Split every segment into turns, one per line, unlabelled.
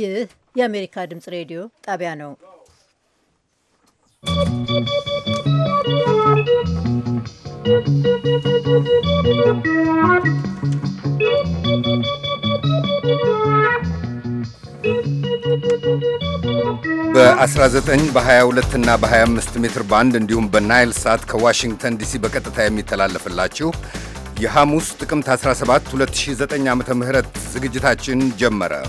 ይህ የአሜሪካ ድምፅ ሬዲዮ ጣቢያ ነው።
በ19 በ22 እና በ25 ሜትር ባንድ እንዲሁም በናይል ሳት ከዋሽንግተን ዲሲ በቀጥታ የሚተላለፍላችሁ የሐሙስ ጥቅምት 17 2009 ዓ ም ዝግጅታችን ጀመረ።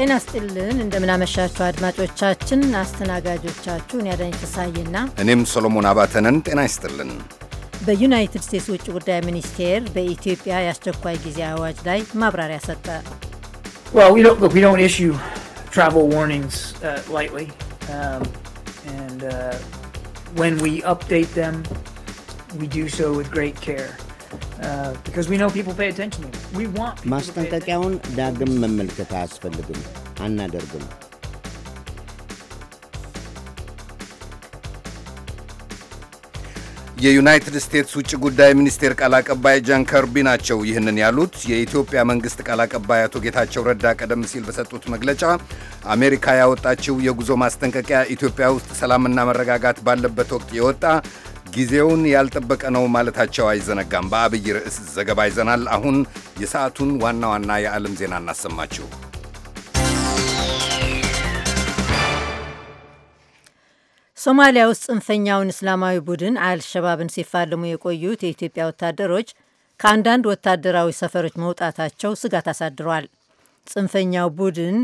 ጤና ስጥልን እንደምናመሻችሁ አድማጮቻችን። አስተናጋጆቻችሁን ያዳኝ ተሳይና
እኔም ሰሎሞን አባተነን። ጤና ይስጥልን።
በዩናይትድ ስቴትስ ውጭ ጉዳይ ሚኒስቴር በኢትዮጵያ የአስቸኳይ ጊዜ አዋጅ ላይ ማብራሪያ
ሰጠ። when we update them, we do so with great care. Uh, ማስጠንቀቂያውን
ዳግም መመልከት አያስፈልግም፣ አናደርግም።
የዩናይትድ ስቴትስ ውጭ ጉዳይ ሚኒስቴር ቃል አቀባይ ጃን ከርቢ ናቸው ይህንን ያሉት። የኢትዮጵያ መንግሥት ቃል አቀባይ አቶ ጌታቸው ረዳ ቀደም ሲል በሰጡት መግለጫ አሜሪካ ያወጣችው የጉዞ ማስጠንቀቂያ ኢትዮጵያ ውስጥ ሰላምና መረጋጋት ባለበት ወቅት የወጣ ጊዜውን ያልጠበቀ ነው ማለታቸው አይዘነጋም። በአብይ ርዕስ ዘገባ ይዘናል። አሁን የሰዓቱን ዋና ዋና የዓለም ዜና እናሰማችሁ።
ሶማሊያ ውስጥ ጽንፈኛውን እስላማዊ ቡድን አልሸባብን ሲፋለሙ የቆዩት የኢትዮጵያ ወታደሮች ከአንዳንድ ወታደራዊ ሰፈሮች መውጣታቸው ስጋት አሳድሯል። ጽንፈኛው ቡድን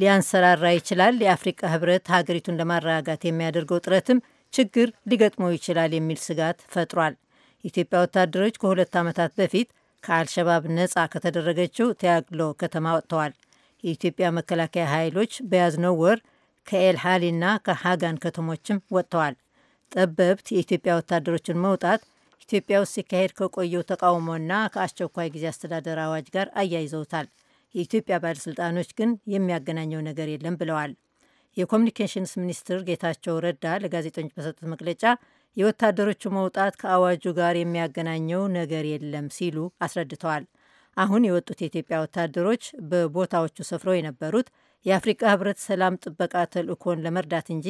ሊያንሰራራ ይችላል። የአፍሪካ ህብረት ሀገሪቱን ለማረጋጋት የሚያደርገው ጥረትም ችግር ሊገጥመው ይችላል የሚል ስጋት ፈጥሯል። ኢትዮጵያ ወታደሮች ከሁለት ዓመታት በፊት ከአልሸባብ ነጻ ከተደረገችው ተያግሎ ከተማ ወጥተዋል። የኢትዮጵያ መከላከያ ኃይሎች በያዝነው ወር ከኤልሃሊና ከሃጋን ከተሞችም ወጥተዋል። ጠበብት የኢትዮጵያ ወታደሮችን መውጣት ኢትዮጵያ ውስጥ ሲካሄድ ከቆየው ተቃውሞና ከአስቸኳይ ጊዜ አስተዳደር አዋጅ ጋር አያይዘውታል። የኢትዮጵያ ባለሥልጣኖች ግን የሚያገናኘው ነገር የለም ብለዋል። የኮሚኒኬሽንስ ሚኒስትር ጌታቸው ረዳ ለጋዜጠኞች በሰጡት መግለጫ የወታደሮቹ መውጣት ከአዋጁ ጋር የሚያገናኘው ነገር የለም ሲሉ አስረድተዋል። አሁን የወጡት የኢትዮጵያ ወታደሮች በቦታዎቹ ሰፍረው የነበሩት የአፍሪካ ሕብረት ሰላም ጥበቃ ተልእኮን ለመርዳት እንጂ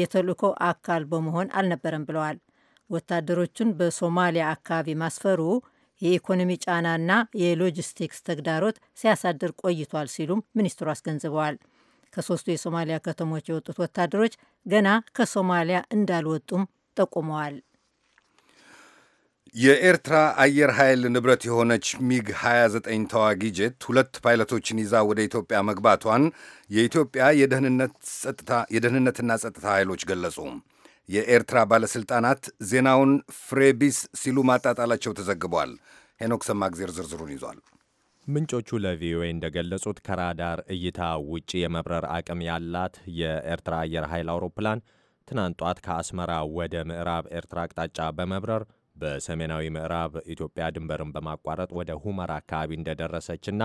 የተልእኮ አካል በመሆን አልነበረም ብለዋል። ወታደሮቹን በሶማሊያ አካባቢ ማስፈሩ የኢኮኖሚ ጫናና የሎጂስቲክስ ተግዳሮት ሲያሳድር ቆይቷል ሲሉም ሚኒስትሩ አስገንዝበዋል። ከሶስቱ የሶማሊያ ከተሞች የወጡት ወታደሮች ገና ከሶማሊያ እንዳልወጡም ጠቁመዋል።
የኤርትራ አየር ኃይል ንብረት የሆነች ሚግ 29 ተዋጊ ጄት ሁለት ፓይለቶችን ይዛ ወደ ኢትዮጵያ መግባቷን የኢትዮጵያ የደህንነትና ጸጥታ ኃይሎች ገለጹ። የኤርትራ ባለሥልጣናት ዜናውን ፍሬቢስ ሲሉ ማጣጣላቸው ተዘግቧል። ሄኖክ ሰማግዜር ዝርዝሩን ይዟል።
ምንጮቹ ለቪኦኤ እንደገለጹት ከራዳር እይታ ውጪ የመብረር አቅም ያላት የኤርትራ አየር ኃይል አውሮፕላን ትናንት ጧት ከአስመራ ወደ ምዕራብ ኤርትራ አቅጣጫ በመብረር በሰሜናዊ ምዕራብ ኢትዮጵያ ድንበርን በማቋረጥ ወደ ሁመራ አካባቢ እንደደረሰችና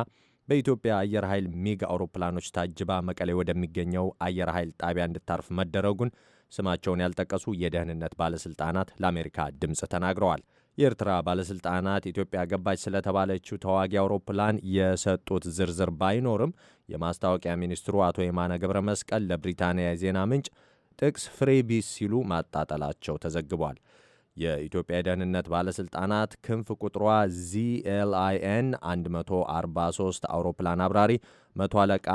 በኢትዮጵያ አየር ኃይል ሚግ አውሮፕላኖች ታጅባ መቀሌ ወደሚገኘው አየር ኃይል ጣቢያ እንድታርፍ መደረጉን ስማቸውን ያልጠቀሱ የደህንነት ባለስልጣናት ለአሜሪካ ድምፅ ተናግረዋል። የኤርትራ ባለሥልጣናት ኢትዮጵያ ገባች ስለተባለችው ተዋጊ አውሮፕላን የሰጡት ዝርዝር ባይኖርም የማስታወቂያ ሚኒስትሩ አቶ የማነ ገብረ መስቀል ለብሪታንያ የዜና ምንጭ ጥቅስ ፍሬቢስ ሲሉ ማጣጠላቸው ተዘግቧል። የኢትዮጵያ የደህንነት ባለሥልጣናት ክንፍ ቁጥሯ ዚኤልአይኤን 143 አውሮፕላን አብራሪ መቶ አለቃ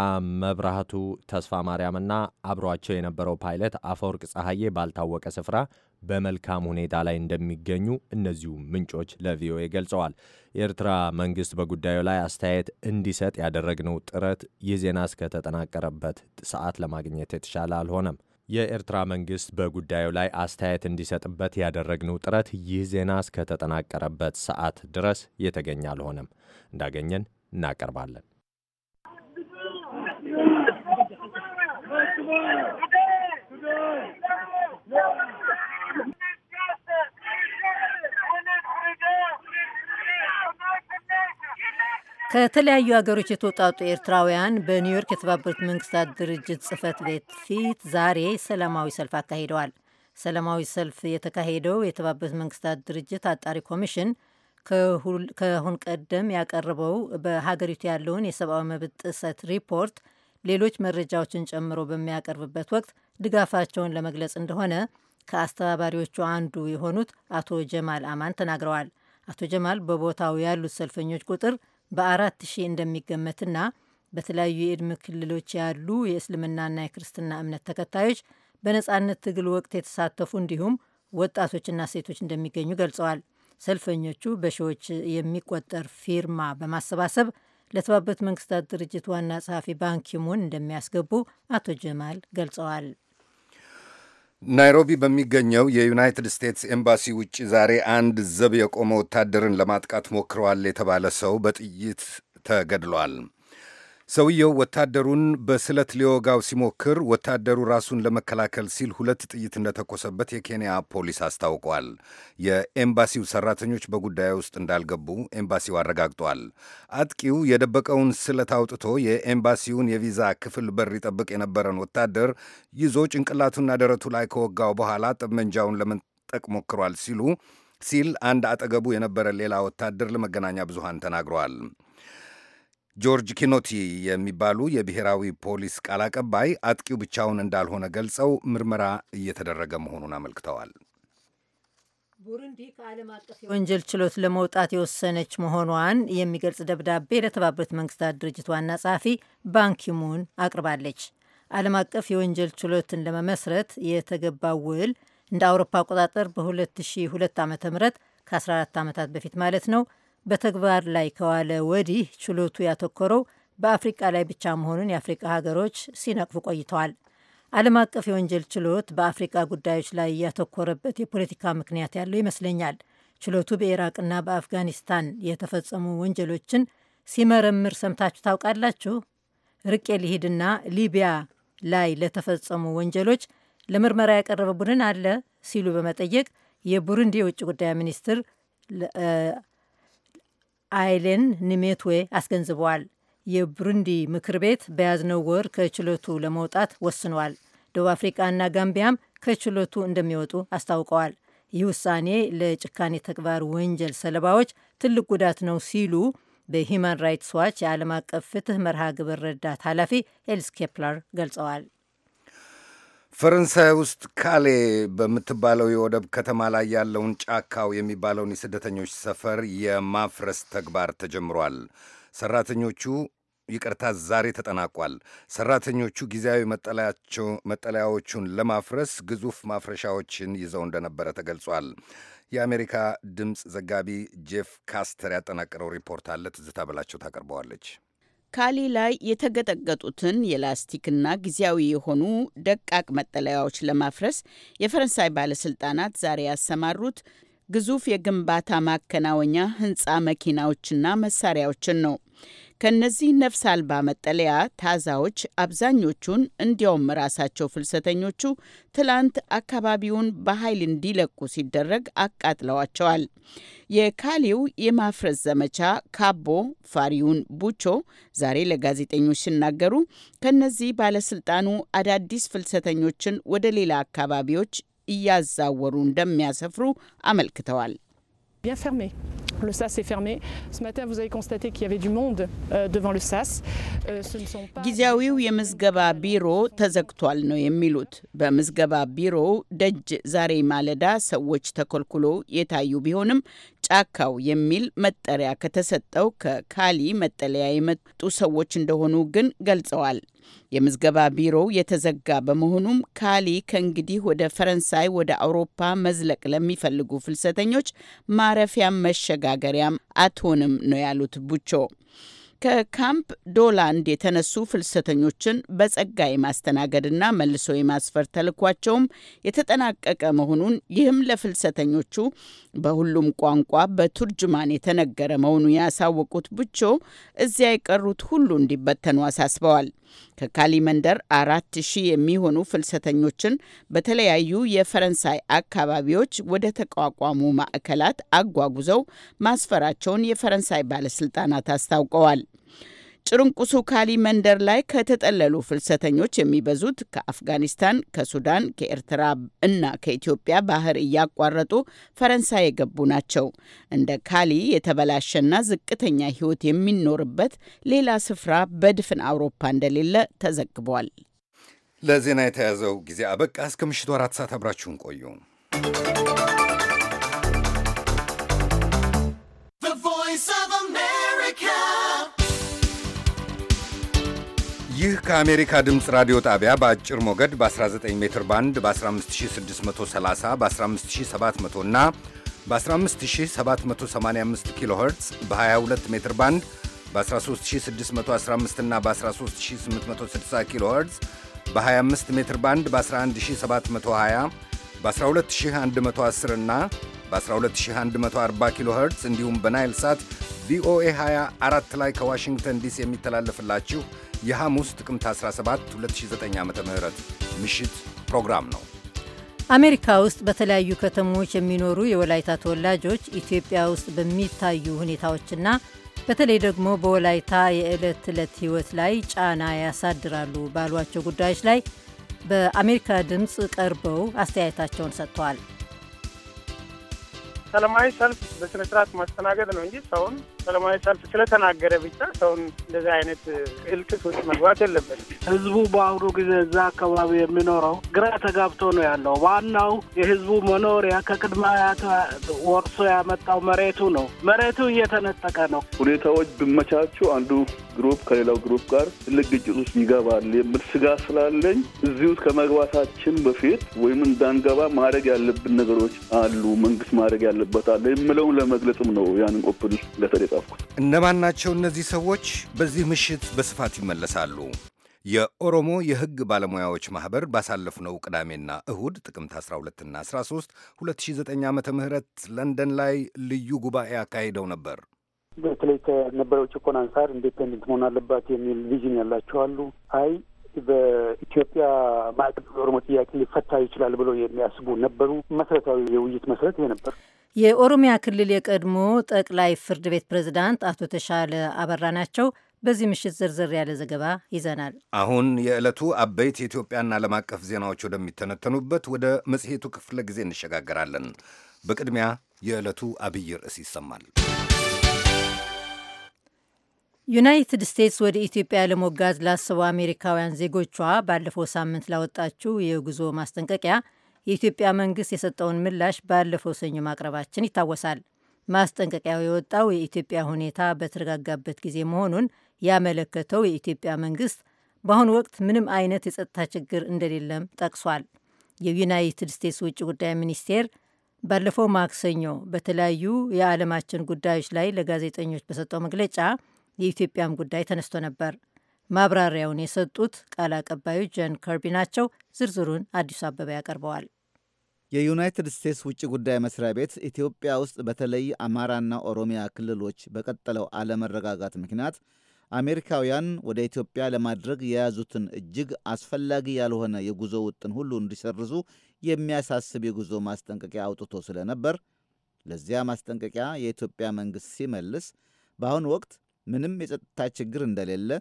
መብራቱ ተስፋ ማርያምና አብሯቸው የነበረው ፓይለት አፈወርቅ ፀሐዬ ባልታወቀ ስፍራ በመልካም ሁኔታ ላይ እንደሚገኙ እነዚሁ ምንጮች ለቪኦኤ ገልጸዋል። የኤርትራ መንግስት በጉዳዩ ላይ አስተያየት እንዲሰጥ ያደረግነው ጥረት ይህ ዜና እስከተጠናቀረበት ሰዓት ለማግኘት የተሻለ አልሆነም። የኤርትራ መንግስት በጉዳዩ ላይ አስተያየት እንዲሰጥበት ያደረግነው ጥረት ይህ ዜና እስከተጠናቀረበት ሰዓት ድረስ የተገኘ አልሆነም። እንዳገኘን እናቀርባለን።
ከተለያዩ ሀገሮች የተውጣጡ ኤርትራውያን በኒውዮርክ የተባበሩት መንግስታት ድርጅት ጽህፈት ቤት ፊት ዛሬ ሰላማዊ ሰልፍ አካሂደዋል። ሰላማዊ ሰልፍ የተካሄደው የተባበሩት መንግስታት ድርጅት አጣሪ ኮሚሽን ከሁን ቀደም ያቀረበው በሀገሪቱ ያለውን የሰብአዊ መብት ጥሰት ሪፖርት ሌሎች መረጃዎችን ጨምሮ በሚያቀርብበት ወቅት ድጋፋቸውን ለመግለጽ እንደሆነ ከአስተባባሪዎቹ አንዱ የሆኑት አቶ ጀማል አማን ተናግረዋል። አቶ ጀማል በቦታው ያሉት ሰልፈኞች ቁጥር በአራት ሺህ እንደሚገመትና በተለያዩ የዕድሜ ክልሎች ያሉ የእስልምናና የክርስትና እምነት ተከታዮች በነጻነት ትግል ወቅት የተሳተፉ እንዲሁም ወጣቶችና ሴቶች እንደሚገኙ ገልጸዋል። ሰልፈኞቹ በሺዎች የሚቆጠር ፊርማ በማሰባሰብ ለተባበሩት መንግስታት ድርጅት ዋና ጸሐፊ ባንኪሙን እንደሚያስገቡ አቶ ጀማል ገልጸዋል።
ናይሮቢ በሚገኘው የዩናይትድ ስቴትስ ኤምባሲ ውጭ ዛሬ አንድ ዘብ የቆመ ወታደርን ለማጥቃት ሞክረዋል የተባለ ሰው በጥይት ተገድሏል። ሰውየው ወታደሩን በስለት ሊወጋው ሲሞክር ወታደሩ ራሱን ለመከላከል ሲል ሁለት ጥይት እንደተኮሰበት የኬንያ ፖሊስ አስታውቋል። የኤምባሲው ሰራተኞች በጉዳዩ ውስጥ እንዳልገቡ ኤምባሲው አረጋግጧል። አጥቂው የደበቀውን ስለት አውጥቶ የኤምባሲውን የቪዛ ክፍል በር ይጠብቅ የነበረን ወታደር ይዞ ጭንቅላቱና ደረቱ ላይ ከወጋው በኋላ ጠመንጃውን ለመንጠቅ ሞክሯል ሲሉ ሲል አንድ አጠገቡ የነበረ ሌላ ወታደር ለመገናኛ ብዙሃን ተናግሯል። ጆርጅ ኪኖቲ የሚባሉ የብሔራዊ ፖሊስ ቃል አቀባይ አጥቂው ብቻውን እንዳልሆነ ገልጸው ምርመራ እየተደረገ መሆኑን አመልክተዋል።
ቡሩንዲ
ከዓለም አቀፍ የወንጀል ችሎት ለመውጣት የወሰነች መሆኗን የሚገልጽ ደብዳቤ ለተባበሩት መንግስታት ድርጅት ዋና ጸሐፊ ባንኪሙን አቅርባለች። ዓለም አቀፍ የወንጀል ችሎትን ለመመስረት የተገባው ውል እንደ አውሮፓ አቆጣጠር በ2002 ዓ ም ከ14 ዓመታት በፊት ማለት ነው በተግባር ላይ ከዋለ ወዲህ ችሎቱ ያተኮረው በአፍሪቃ ላይ ብቻ መሆኑን የአፍሪቃ ሀገሮች ሲነቅፉ ቆይተዋል። ዓለም አቀፍ የወንጀል ችሎት በአፍሪቃ ጉዳዮች ላይ ያተኮረበት የፖለቲካ ምክንያት ያለው ይመስለኛል። ችሎቱ በኢራቅና በአፍጋኒስታን የተፈጸሙ ወንጀሎችን ሲመረምር ሰምታችሁ ታውቃላችሁ? ርቄ ሊሂድና ሊቢያ ላይ ለተፈጸሙ ወንጀሎች ለምርመራ ያቀረበ ቡድን አለ ሲሉ በመጠየቅ የቡሩንዲ የውጭ ጉዳይ ሚኒስትር አይሌን ኒሜትዌ አስገንዝበዋል። የብሩንዲ ምክር ቤት በያዝነው ወር ከችሎቱ ለመውጣት ወስኗል። ደቡብ አፍሪቃና ጋምቢያም ከችሎቱ እንደሚወጡ አስታውቀዋል። ይህ ውሳኔ ለጭካኔ ተግባር ወንጀል ሰለባዎች ትልቅ ጉዳት ነው ሲሉ በሂማን ራይትስ ዋች የዓለም አቀፍ ፍትህ መርሃ ግብር ረዳት ኃላፊ ኤልስ ኬፕለር ገልጸዋል።
ፈረንሳይ ውስጥ ካሌ በምትባለው የወደብ ከተማ ላይ ያለውን ጫካው የሚባለውን የስደተኞች ሰፈር የማፍረስ ተግባር ተጀምሯል። ሰራተኞቹ ይቅርታ፣ ዛሬ ተጠናቋል። ሰራተኞቹ ጊዜያዊ መጠለያዎቹን ለማፍረስ ግዙፍ ማፍረሻዎችን ይዘው እንደነበረ ተገልጿል። የአሜሪካ ድምፅ ዘጋቢ ጄፍ ካስተር ያጠናቀረው ሪፖርት አለ። ትዝታ በላቸው ታቀርበዋለች።
ካሊ ላይ የተገጠገጡትን የላስቲክና ጊዜያዊ የሆኑ ደቃቅ መጠለያዎች ለማፍረስ የፈረንሳይ ባለስልጣናት ዛሬ ያሰማሩት ግዙፍ የግንባታ ማከናወኛ ህንፃ መኪናዎችና መሳሪያዎችን ነው። ከነዚህ ነፍስ አልባ መጠለያ ታዛዎች አብዛኞቹን እንዲያውም ራሳቸው ፍልሰተኞቹ ትላንት አካባቢውን በኃይል እንዲለቁ ሲደረግ አቃጥለዋቸዋል። የካሌው የማፍረስ ዘመቻ ካቦ ፋሪውን ቡቾ ዛሬ ለጋዜጠኞች ሲናገሩ ከነዚህ ባለስልጣኑ አዳዲስ ፍልሰተኞችን ወደ ሌላ አካባቢዎች እያዛወሩ እንደሚያሰፍሩ አመልክተዋል። bien fermé. Le SAS est fermé. Ce matin, vous avez constaté qu'il y avait du monde euh, devant le SAS. Euh, ጊዜያዊው የምዝገባ ቢሮ ተዘግቷል ነው የሚሉት። በምዝገባ ቢሮው ደጅ ዛሬ ማለዳ ሰዎች ተኮልኩሎ የታዩ ቢሆንም ጫካው የሚል መጠሪያ ከተሰጠው ከካሊ መጠለያ የመጡ ሰዎች እንደሆኑ ግን ገልጸዋል። የምዝገባ ቢሮው የተዘጋ በመሆኑም ካሊ ከእንግዲህ ወደ ፈረንሳይ፣ ወደ አውሮፓ መዝለቅ ለሚፈልጉ ፍልሰተኞች ማረፊያም መሸጋገሪያም አትሆንም ነው ያሉት ቡቾ። ከካምፕ ዶላንድ የተነሱ ፍልሰተኞችን በጸጋ የማስተናገድና መልሶ የማስፈር ተልኳቸውም የተጠናቀቀ መሆኑን ይህም ለፍልሰተኞቹ በሁሉም ቋንቋ በቱርጅማን የተነገረ መሆኑን ያሳወቁት ብቾ እዚያ የቀሩት ሁሉ እንዲበተኑ አሳስበዋል። ከካሊመንደር አራት ሺህ የሚሆኑ ፍልሰተኞችን በተለያዩ የፈረንሳይ አካባቢዎች ወደ ተቋቋሙ ማዕከላት አጓጉዘው ማስፈራቸውን የፈረንሳይ ባለስልጣናት አስታውቀዋል። ጭርንቁሱ ካሊ መንደር ላይ ከተጠለሉ ፍልሰተኞች የሚበዙት ከአፍጋኒስታን፣ ከሱዳን፣ ከኤርትራ እና ከኢትዮጵያ ባህር እያቋረጡ ፈረንሳይ የገቡ ናቸው። እንደ ካሊ የተበላሸና ዝቅተኛ ሕይወት የሚኖርበት ሌላ ስፍራ በድፍን አውሮፓ እንደሌለ ተዘግቧል። ለዜና የተያዘው ጊዜ አበቃ። እስከ ምሽቱ አራት ሰዓት አብራችሁን ቆዩ።
ይህ ከአሜሪካ ድምፅ ራዲዮ ጣቢያ በአጭር ሞገድ በ19 ሜትር ባንድ በ15630 በ15700 እና በ15785 ኪሎ ኸርትዝ በ22 ሜትር ባንድ በ13615 እና በ13860 ኪሎ ኸርትዝ በ25 ሜትር ባንድ በ11720 በ12110 እና በ12140 ኪሎ ኸርትዝ እንዲሁም በናይል ሳት ቪኦኤ 24 ላይ ከዋሽንግተን ዲሲ የሚተላለፍላችሁ የሐሙስ ጥቅምት 17 2009 ዓ ም ምሽት ፕሮግራም ነው።
አሜሪካ ውስጥ በተለያዩ ከተሞች የሚኖሩ የወላይታ ተወላጆች ኢትዮጵያ ውስጥ በሚታዩ ሁኔታዎችና በተለይ ደግሞ በወላይታ የዕለት ተዕለት ሕይወት ላይ ጫና ያሳድራሉ ባሏቸው ጉዳዮች ላይ በአሜሪካ ድምፅ ቀርበው አስተያየታቸውን ሰጥተዋል።
ሰላማዊ ሰልፍ በስነ ስርዓት ማስተናገድ ነው እንጂ ሰውን ሰላማዊ ሰልፍ ስለተናገረ ብቻ ሰውን እንደዚህ አይነት እልቅት ውስጥ መግባት የለበት።
ህዝቡ በአሁኑ ጊዜ እዛ አካባቢ የሚኖረው ግራ ተጋብቶ ነው ያለው። ዋናው የህዝቡ መኖሪያ ከቅድመ አያቱ ወርሶ ያመጣው መሬቱ ነው። መሬቱ እየተነጠቀ ነው። ሁኔታዎች ብመቻቹ አንዱ
ግሩፕ ከሌላው ግሩፕ ጋር ትልቅ ግጭት ውስጥ ይገባል የምል ስጋ ስላለኝ እዚህ ውስጥ ከመግባታችን በፊት ወይም እንዳንገባ ማድረግ ያለብን ነገሮች አሉ፣ መንግስት ማድረግ ያለበት አለ የምለውን ለመግለጽም ነው ያንን ቆፕል ለተር የጻፍኩት።
እነማን ናቸው እነዚህ ሰዎች? በዚህ ምሽት በስፋት ይመለሳሉ። የኦሮሞ የሕግ ባለሙያዎች ማኅበር ባሳለፍነው ቅዳሜና እሁድ ጥቅምት 12ና 13 2009 ዓ ም ለንደን ላይ ልዩ ጉባኤ አካሂደው ነበር።
በተለይ ከነበረው ጭቆና አንጻር ኢንዲፔንደንት መሆን አለባት የሚል ቪዥን ያላቸው አሉ። አይ በኢትዮጵያ ማዕቀብ ኦሮሞ ጥያቄ ሊፈታ ይችላል ብሎ የሚያስቡ ነበሩ። መሰረታዊ የውይይት መሰረት ይሄ ነበር።
የኦሮሚያ ክልል የቀድሞ ጠቅላይ ፍርድ ቤት ፕሬዝዳንት አቶ ተሻለ አበራ ናቸው። በዚህ ምሽት ዝርዝር ያለ ዘገባ ይዘናል።
አሁን የዕለቱ አበይት የኢትዮጵያና ዓለም አቀፍ ዜናዎች ወደሚተነተኑበት ወደ መጽሔቱ ክፍለ ጊዜ እንሸጋገራለን። በቅድሚያ የዕለቱ አብይ ርዕስ ይሰማል።
ዩናይትድ ስቴትስ ወደ ኢትዮጵያ ለሞጋዝ ላሰቡ አሜሪካውያን ዜጎቿ ባለፈው ሳምንት ላወጣችው የጉዞ ማስጠንቀቂያ የኢትዮጵያ መንግስት የሰጠውን ምላሽ ባለፈው ሰኞ ማቅረባችን ይታወሳል። ማስጠንቀቂያው የወጣው የኢትዮጵያ ሁኔታ በተረጋጋበት ጊዜ መሆኑን ያመለከተው የኢትዮጵያ መንግስት በአሁኑ ወቅት ምንም አይነት የጸጥታ ችግር እንደሌለም ጠቅሷል። የዩናይትድ ስቴትስ ውጭ ጉዳይ ሚኒስቴር ባለፈው ማክሰኞ በተለያዩ የዓለማችን ጉዳዮች ላይ ለጋዜጠኞች በሰጠው መግለጫ የኢትዮጵያም ጉዳይ ተነስቶ ነበር። ማብራሪያውን የሰጡት ቃል አቀባዩ ጆን ከርቢ ናቸው። ዝርዝሩን አዲሱ አበበ ያቀርበዋል።
የዩናይትድ ስቴትስ ውጭ ጉዳይ መስሪያ ቤት ኢትዮጵያ ውስጥ በተለይ አማራና ኦሮሚያ ክልሎች በቀጠለው አለመረጋጋት ምክንያት አሜሪካውያን ወደ ኢትዮጵያ ለማድረግ የያዙትን እጅግ አስፈላጊ ያልሆነ የጉዞ ውጥን ሁሉ እንዲሰርዙ የሚያሳስብ የጉዞ ማስጠንቀቂያ አውጥቶ ስለነበር ለዚያ ማስጠንቀቂያ የኢትዮጵያ መንግሥት ሲመልስ በአሁኑ ወቅት ምንም የጸጥታ ችግር እንደሌለ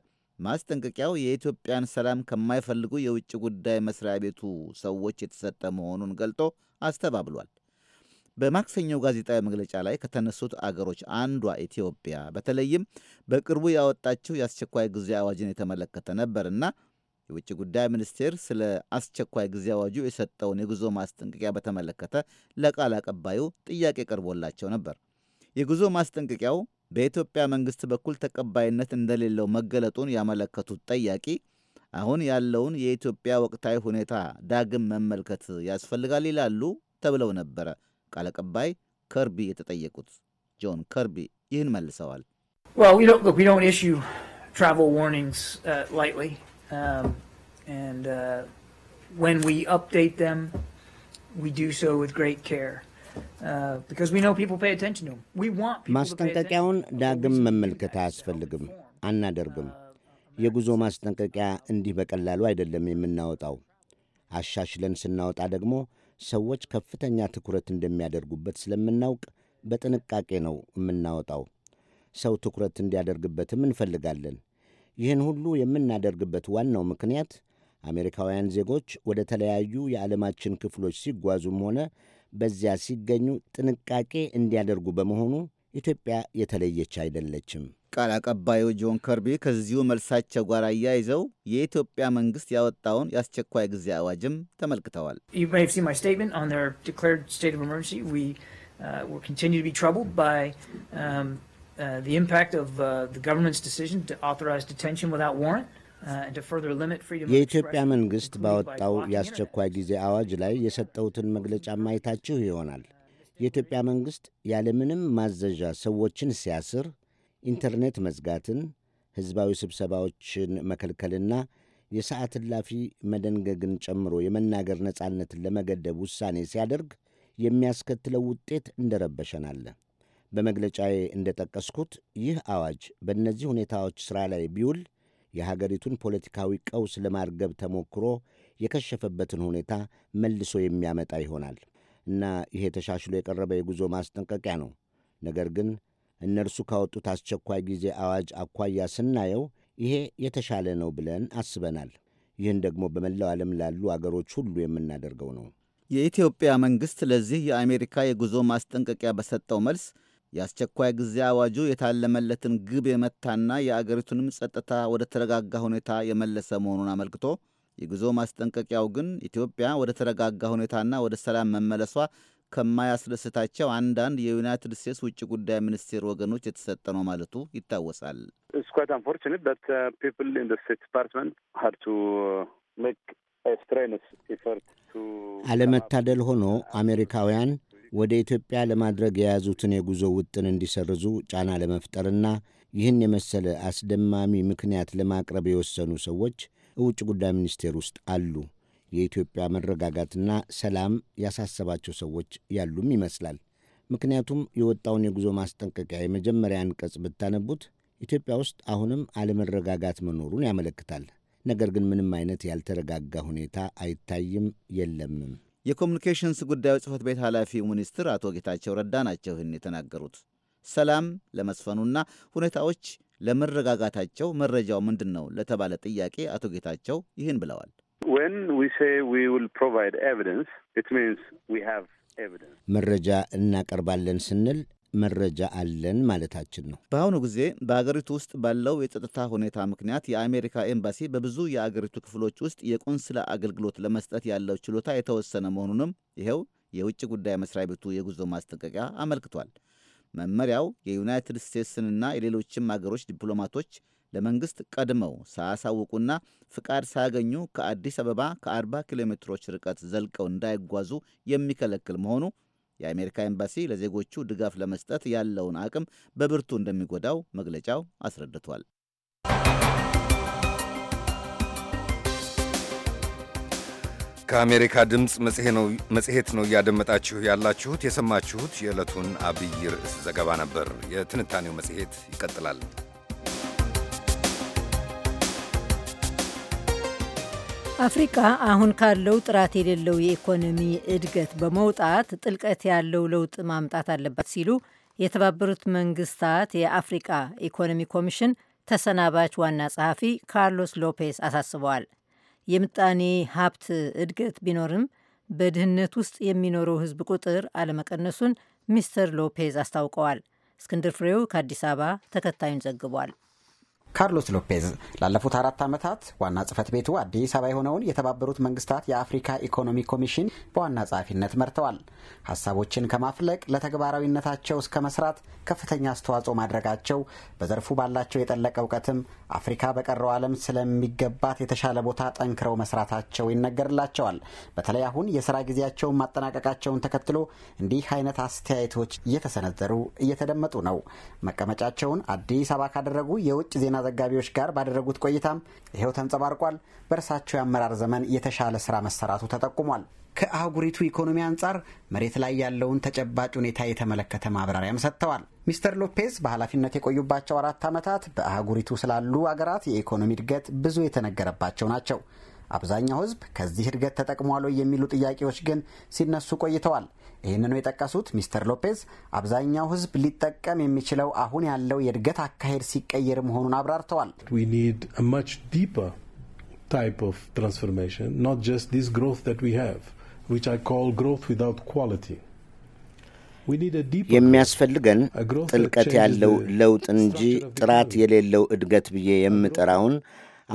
ማስጠንቀቂያው የኢትዮጵያን ሰላም ከማይፈልጉ የውጭ ጉዳይ መስሪያ ቤቱ ሰዎች የተሰጠ መሆኑን ገልጦ አስተባብሏል። በማክሰኞው ጋዜጣዊ መግለጫ ላይ ከተነሱት አገሮች አንዷ ኢትዮጵያ በተለይም በቅርቡ ያወጣችው የአስቸኳይ ጊዜ አዋጅን የተመለከተ ነበርና የውጭ ጉዳይ ሚኒስቴር ስለ አስቸኳይ ጊዜ አዋጁ የሰጠውን የጉዞ ማስጠንቀቂያ በተመለከተ ለቃል አቀባዩ ጥያቄ ቀርቦላቸው ነበር። የጉዞ ማስጠንቀቂያው በኢትዮጵያ መንግሥት በኩል ተቀባይነት እንደሌለው መገለጡን ያመለከቱት ጠያቂ አሁን ያለውን የኢትዮጵያ ወቅታዊ ሁኔታ ዳግም መመልከት ያስፈልጋል ይላሉ ተብለው ነበረ። ቃል አቀባይ ከርቢ የተጠየቁት ጆን ከርቢ ይህን መልሰዋል።
when we update them, we do so Uh, ማስጠንቀቂያውን
ዳግም መመልከት አያስፈልግም፣ አናደርግም። uh, የጉዞ uh, ማስጠንቀቂያ እንዲህ በቀላሉ አይደለም የምናወጣው። አሻሽለን ስናወጣ ደግሞ ሰዎች ከፍተኛ ትኩረት እንደሚያደርጉበት ስለምናውቅ በጥንቃቄ ነው የምናወጣው። ሰው ትኩረት እንዲያደርግበትም እንፈልጋለን። ይህን ሁሉ የምናደርግበት ዋናው ምክንያት አሜሪካውያን ዜጎች ወደ ተለያዩ የዓለማችን ክፍሎች ሲጓዙም ሆነ በዚያ ሲገኙ ጥንቃቄ እንዲያደርጉ በመሆኑ ኢትዮጵያ የተለየች አይደለችም።
ቃል አቀባዩ ጆን ከርቢ ከዚሁ መልሳቸው ጋር አያይዘው የኢትዮጵያ መንግስት ያወጣውን የአስቸኳይ ጊዜ አዋጅም
ተመልክተዋል። Uh, የኢትዮጵያ መንግሥት ባወጣው
የአስቸኳይ ጊዜ አዋጅ ላይ የሰጠሁትን መግለጫ ማየታችሁ ይሆናል። የኢትዮጵያ መንግሥት ያለምንም ማዘዣ ሰዎችን ሲያስር፣ ኢንተርኔት መዝጋትን፣ ሕዝባዊ ስብሰባዎችን መከልከልና የሰዓት እላፊ መደንገግን ጨምሮ የመናገር ነጻነትን ለመገደብ ውሳኔ ሲያደርግ የሚያስከትለው ውጤት እንደረበሸናል። በመግለጫዬ እንደጠቀስኩት ይህ አዋጅ በእነዚህ ሁኔታዎች ሥራ ላይ ቢውል የሀገሪቱን ፖለቲካዊ ቀውስ ለማርገብ ተሞክሮ የከሸፈበትን ሁኔታ መልሶ የሚያመጣ ይሆናል እና ይሄ ተሻሽሎ የቀረበ የጉዞ ማስጠንቀቂያ ነው። ነገር ግን እነርሱ ካወጡት አስቸኳይ ጊዜ አዋጅ አኳያ ስናየው ይሄ የተሻለ ነው ብለን አስበናል። ይህን ደግሞ በመላው ዓለም ላሉ አገሮች
ሁሉ የምናደርገው ነው። የኢትዮጵያ መንግሥት ለዚህ የአሜሪካ የጉዞ ማስጠንቀቂያ በሰጠው መልስ የአስቸኳይ ጊዜ አዋጁ የታለመለትን ግብ የመታና የአገሪቱንም ጸጥታ ወደ ተረጋጋ ሁኔታ የመለሰ መሆኑን አመልክቶ የጉዞ ማስጠንቀቂያው ግን ኢትዮጵያ ወደ ተረጋጋ ሁኔታና ወደ ሰላም መመለሷ ከማያስደስታቸው አንዳንድ የዩናይትድ ስቴትስ ውጭ ጉዳይ ሚኒስቴር ወገኖች የተሰጠ ነው ማለቱ ይታወሳል።
uh,
uh, አለመታደል ሆኖ አሜሪካውያን ወደ ኢትዮጵያ ለማድረግ የያዙትን የጉዞ ውጥን እንዲሰርዙ ጫና ለመፍጠርና ይህን የመሰለ አስደማሚ ምክንያት ለማቅረብ የወሰኑ ሰዎች ውጭ ጉዳይ ሚኒስቴር ውስጥ አሉ። የኢትዮጵያ መረጋጋትና ሰላም ያሳሰባቸው ሰዎች ያሉም ይመስላል። ምክንያቱም የወጣውን የጉዞ ማስጠንቀቂያ የመጀመሪያ አንቀጽ ብታነቡት ኢትዮጵያ ውስጥ አሁንም አለመረጋጋት መኖሩን ያመለክታል። ነገር ግን ምንም አይነት ያልተረጋጋ ሁኔታ አይታይም
የለምም። የኮሚኒኬሽንስ ጉዳዮች ጽሕፈት ቤት ኃላፊ ሚኒስትር አቶ ጌታቸው ረዳ ናቸው ይህን የተናገሩት። ሰላም ለመስፈኑና ሁኔታዎች ለመረጋጋታቸው መረጃው ምንድን ነው ለተባለ ጥያቄ አቶ ጌታቸው ይህን ብለዋል።
መረጃ እናቀርባለን ስንል መረጃ አለን ማለታችን ነው።
በአሁኑ ጊዜ በአገሪቱ ውስጥ ባለው የጸጥታ ሁኔታ ምክንያት የአሜሪካ ኤምባሲ በብዙ የአገሪቱ ክፍሎች ውስጥ የቆንስላ አገልግሎት ለመስጠት ያለው ችሎታ የተወሰነ መሆኑንም ይኸው የውጭ ጉዳይ መስሪያ ቤቱ የጉዞ ማስጠንቀቂያ አመልክቷል። መመሪያው የዩናይትድ ስቴትስንና የሌሎችም አገሮች ዲፕሎማቶች ለመንግሥት ቀድመው ሳያሳውቁና ፍቃድ ሳያገኙ ከአዲስ አበባ ከ40 ኪሎ ሜትሮች ርቀት ዘልቀው እንዳይጓዙ የሚከለክል መሆኑ የአሜሪካ ኤምባሲ ለዜጎቹ ድጋፍ ለመስጠት ያለውን አቅም በብርቱ እንደሚጎዳው መግለጫው አስረድቷል።
ከአሜሪካ ድምፅ መጽሔት ነው እያደመጣችሁ ያላችሁት። የሰማችሁት የዕለቱን አብይ ርዕስ ዘገባ ነበር። የትንታኔው መጽሔት ይቀጥላል።
አፍሪካ አሁን ካለው ጥራት የሌለው የኢኮኖሚ እድገት በመውጣት ጥልቀት ያለው ለውጥ ማምጣት አለባት ሲሉ የተባበሩት መንግስታት የአፍሪቃ ኢኮኖሚ ኮሚሽን ተሰናባች ዋና ጸሐፊ ካርሎስ ሎፔስ አሳስበዋል። የምጣኔ ሀብት እድገት ቢኖርም በድህነት ውስጥ የሚኖረው ህዝብ ቁጥር አለመቀነሱን ሚስተር ሎፔዝ አስታውቀዋል። እስክንድር ፍሬው ከአዲስ አበባ ተከታዩን ዘግቧል። ካርሎስ
ሎፔዝ ላለፉት አራት ዓመታት ዋና ጽህፈት ቤቱ አዲስ አበባ የሆነውን የተባበሩት መንግስታት የአፍሪካ ኢኮኖሚ ኮሚሽን በዋና ጸሐፊነት መርተዋል። ሀሳቦችን ከማፍለቅ ለተግባራዊነታቸው እስከ መስራት ከፍተኛ አስተዋጽኦ ማድረጋቸው በዘርፉ ባላቸው የጠለቀ እውቀትም አፍሪካ በቀረው ዓለም ስለሚገባት የተሻለ ቦታ ጠንክረው መስራታቸው ይነገርላቸዋል። በተለይ አሁን የስራ ጊዜያቸውን ማጠናቀቃቸውን ተከትሎ እንዲህ አይነት አስተያየቶች እየተሰነዘሩ እየተደመጡ ነው። መቀመጫቸውን አዲስ አበባ ካደረጉ የውጭ ዜና ዘጋቢዎች ጋር ባደረጉት ቆይታም ይኸው ተንጸባርቋል። በእርሳቸው የአመራር ዘመን የተሻለ ስራ መሰራቱ ተጠቁሟል። ከአህጉሪቱ ኢኮኖሚ አንጻር መሬት ላይ ያለውን ተጨባጭ ሁኔታ የተመለከተ ማብራሪያም ሰጥተዋል። ሚስተር ሎፔዝ በኃላፊነት የቆዩባቸው አራት ዓመታት በአህጉሪቱ ስላሉ አገራት የኢኮኖሚ እድገት ብዙ የተነገረባቸው ናቸው። አብዛኛው ህዝብ ከዚህ እድገት ተጠቅሟል የሚሉ ጥያቄዎች ግን ሲነሱ ቆይተዋል። ይህንኑ የጠቀሱት ሚስተር ሎፔዝ አብዛኛው ህዝብ ሊጠቀም የሚችለው አሁን ያለው የእድገት አካሄድ ሲቀየር መሆኑን አብራርተዋል።
የሚያስፈልገን ጥልቀት ያለው ለውጥ እንጂ ጥራት የሌለው እድገት ብዬ የምጠራውን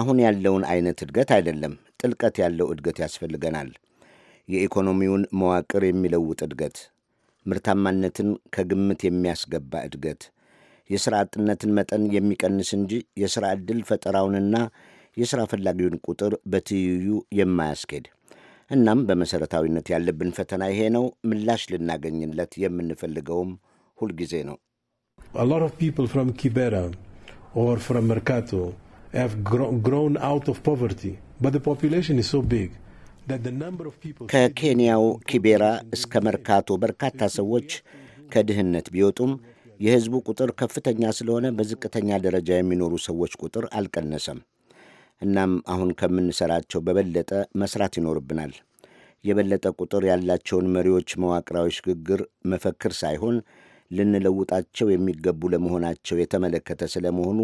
አሁን ያለውን አይነት እድገት አይደለም፣ ጥልቀት ያለው እድገት ያስፈልገናል። የኢኮኖሚውን መዋቅር የሚለውጥ እድገት፣ ምርታማነትን ከግምት የሚያስገባ እድገት፣ የሥራ አጥነትን መጠን የሚቀንስ እንጂ የሥራ ዕድል ፈጠራውንና የሥራ ፈላጊውን ቁጥር በትይዩ የማያስኬድ እናም በመሠረታዊነት ያለብን ፈተና ይሄ ነው። ምላሽ ልናገኝለት የምንፈልገውም ሁልጊዜ ነው።
have grown out of poverty, but the population is so big.
ከኬንያው ኪቤራ እስከ መርካቶ በርካታ ሰዎች ከድህነት ቢወጡም የሕዝቡ ቁጥር ከፍተኛ ስለሆነ በዝቅተኛ ደረጃ የሚኖሩ ሰዎች ቁጥር አልቀነሰም። እናም አሁን ከምንሰራቸው በበለጠ መስራት ይኖርብናል። የበለጠ ቁጥር ያላቸውን መሪዎች መዋቅራዊ ሽግግር መፈክር ሳይሆን ልንለውጣቸው የሚገቡ ለመሆናቸው የተመለከተ ስለመሆኑ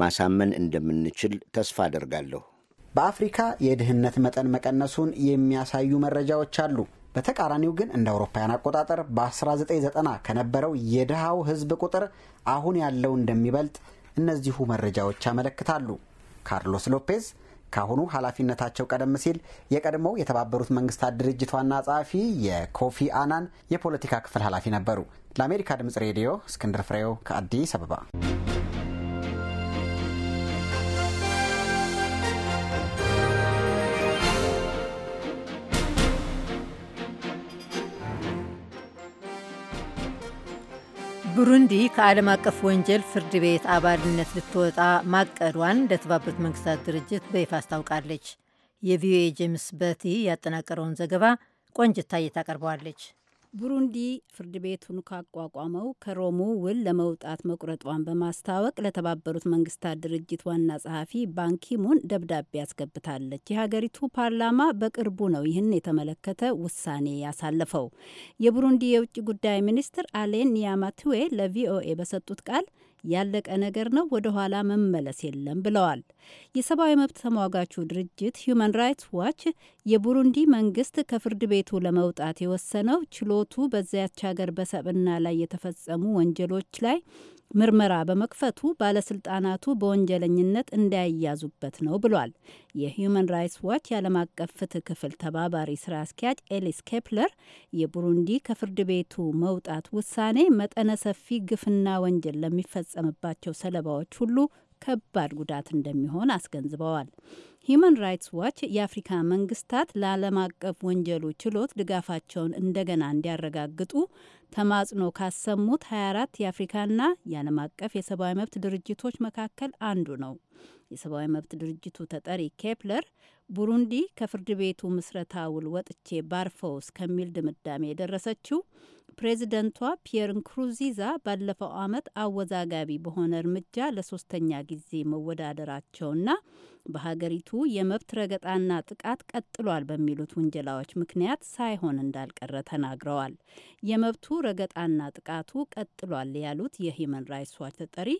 ማሳመን እንደምንችል ተስፋ አደርጋለሁ።
በአፍሪካ የድህነት መጠን መቀነሱን የሚያሳዩ መረጃዎች አሉ። በተቃራኒው ግን እንደ አውሮፓውያን አቆጣጠር በ1990 ከነበረው የድሃው ህዝብ ቁጥር አሁን ያለው እንደሚበልጥ እነዚሁ መረጃዎች ያመለክታሉ። ካርሎስ ሎፔዝ ካሁኑ ኃላፊነታቸው ቀደም ሲል የቀድሞው የተባበሩት መንግስታት ድርጅት ዋና ጸሐፊ የኮፊ አናን የፖለቲካ ክፍል ኃላፊ ነበሩ። ለአሜሪካ ድምጽ ሬዲዮ እስክንድር ፍሬው ከአዲስ አበባ
ቡሩንዲ ከዓለም አቀፍ ወንጀል ፍርድ ቤት አባልነት ልትወጣ ማቀዷን ለተባበሩት መንግስታት ድርጅት በይፋ አስታውቃለች። የቪኦኤ ጄምስ በቲ ያጠናቀረውን
ዘገባ ቆንጅታ እየታቀርበዋለች። ቡሩንዲ ፍርድ ቤቱን ካቋቋመው ከሮሙ ውል ለመውጣት መቁረጧን በማስታወቅ ለተባበሩት መንግስታት ድርጅት ዋና ጸሐፊ ባንኪሙን ደብዳቤ ያስገብታለች። የሀገሪቱ ፓርላማ በቅርቡ ነው ይህን የተመለከተ ውሳኔ ያሳለፈው። የቡሩንዲ የውጭ ጉዳይ ሚኒስትር አሌን ኒያማትዌ ለቪኦኤ በሰጡት ቃል ያለቀ ነገር ነው፣ ወደ ኋላ መመለስ የለም ብለዋል። የሰብአዊ መብት ተሟጋቹ ድርጅት ሁማን ራይትስ ዋች የቡሩንዲ መንግስት ከፍርድ ቤቱ ለመውጣት የወሰነው ችሎቱ በዚያች ሀገር በሰብና ላይ የተፈጸሙ ወንጀሎች ላይ ምርመራ በመክፈቱ ባለስልጣናቱ በወንጀለኝነት እንዳያያዙበት ነው ብሏል። የሂዩማን ራይትስ ዋች የዓለም አቀፍ ፍትህ ክፍል ተባባሪ ስራ አስኪያጅ ኤሊስ ኬፕለር የቡሩንዲ ከፍርድ ቤቱ መውጣት ውሳኔ መጠነ ሰፊ ግፍና ወንጀል ለሚፈጸምባቸው ሰለባዎች ሁሉ ከባድ ጉዳት እንደሚሆን አስገንዝበዋል። ሂዩማን ራይትስ ዋች የአፍሪካ መንግስታት ለዓለም አቀፍ ወንጀሉ ችሎት ድጋፋቸውን እንደገና እንዲያረጋግጡ ተማጽኖ ካሰሙት 24 የአፍሪካና የዓለም አቀፍ የሰብአዊ መብት ድርጅቶች መካከል አንዱ ነው። የሰብአዊ መብት ድርጅቱ ተጠሪ ኬፕለር ቡሩንዲ ከፍርድ ቤቱ ምስረታ ውል ወጥቼ ባርፈውስ ከሚል ድምዳሜ የደረሰችው ፕሬዚደንቷ ፒየር ንክሩዚዛ ባለፈው ዓመት አወዛጋቢ በሆነ እርምጃ ለሶስተኛ ጊዜ መወዳደራቸውና በሀገሪቱ የመብት ረገጣና ጥቃት ቀጥሏል በሚሉት ውንጀላዎች ምክንያት ሳይሆን እንዳልቀረ ተናግረዋል። የመብቱ ረገጣና ጥቃቱ ቀጥሏል ያሉት የሂዩማን ራይትስ ዋች ተጠሪ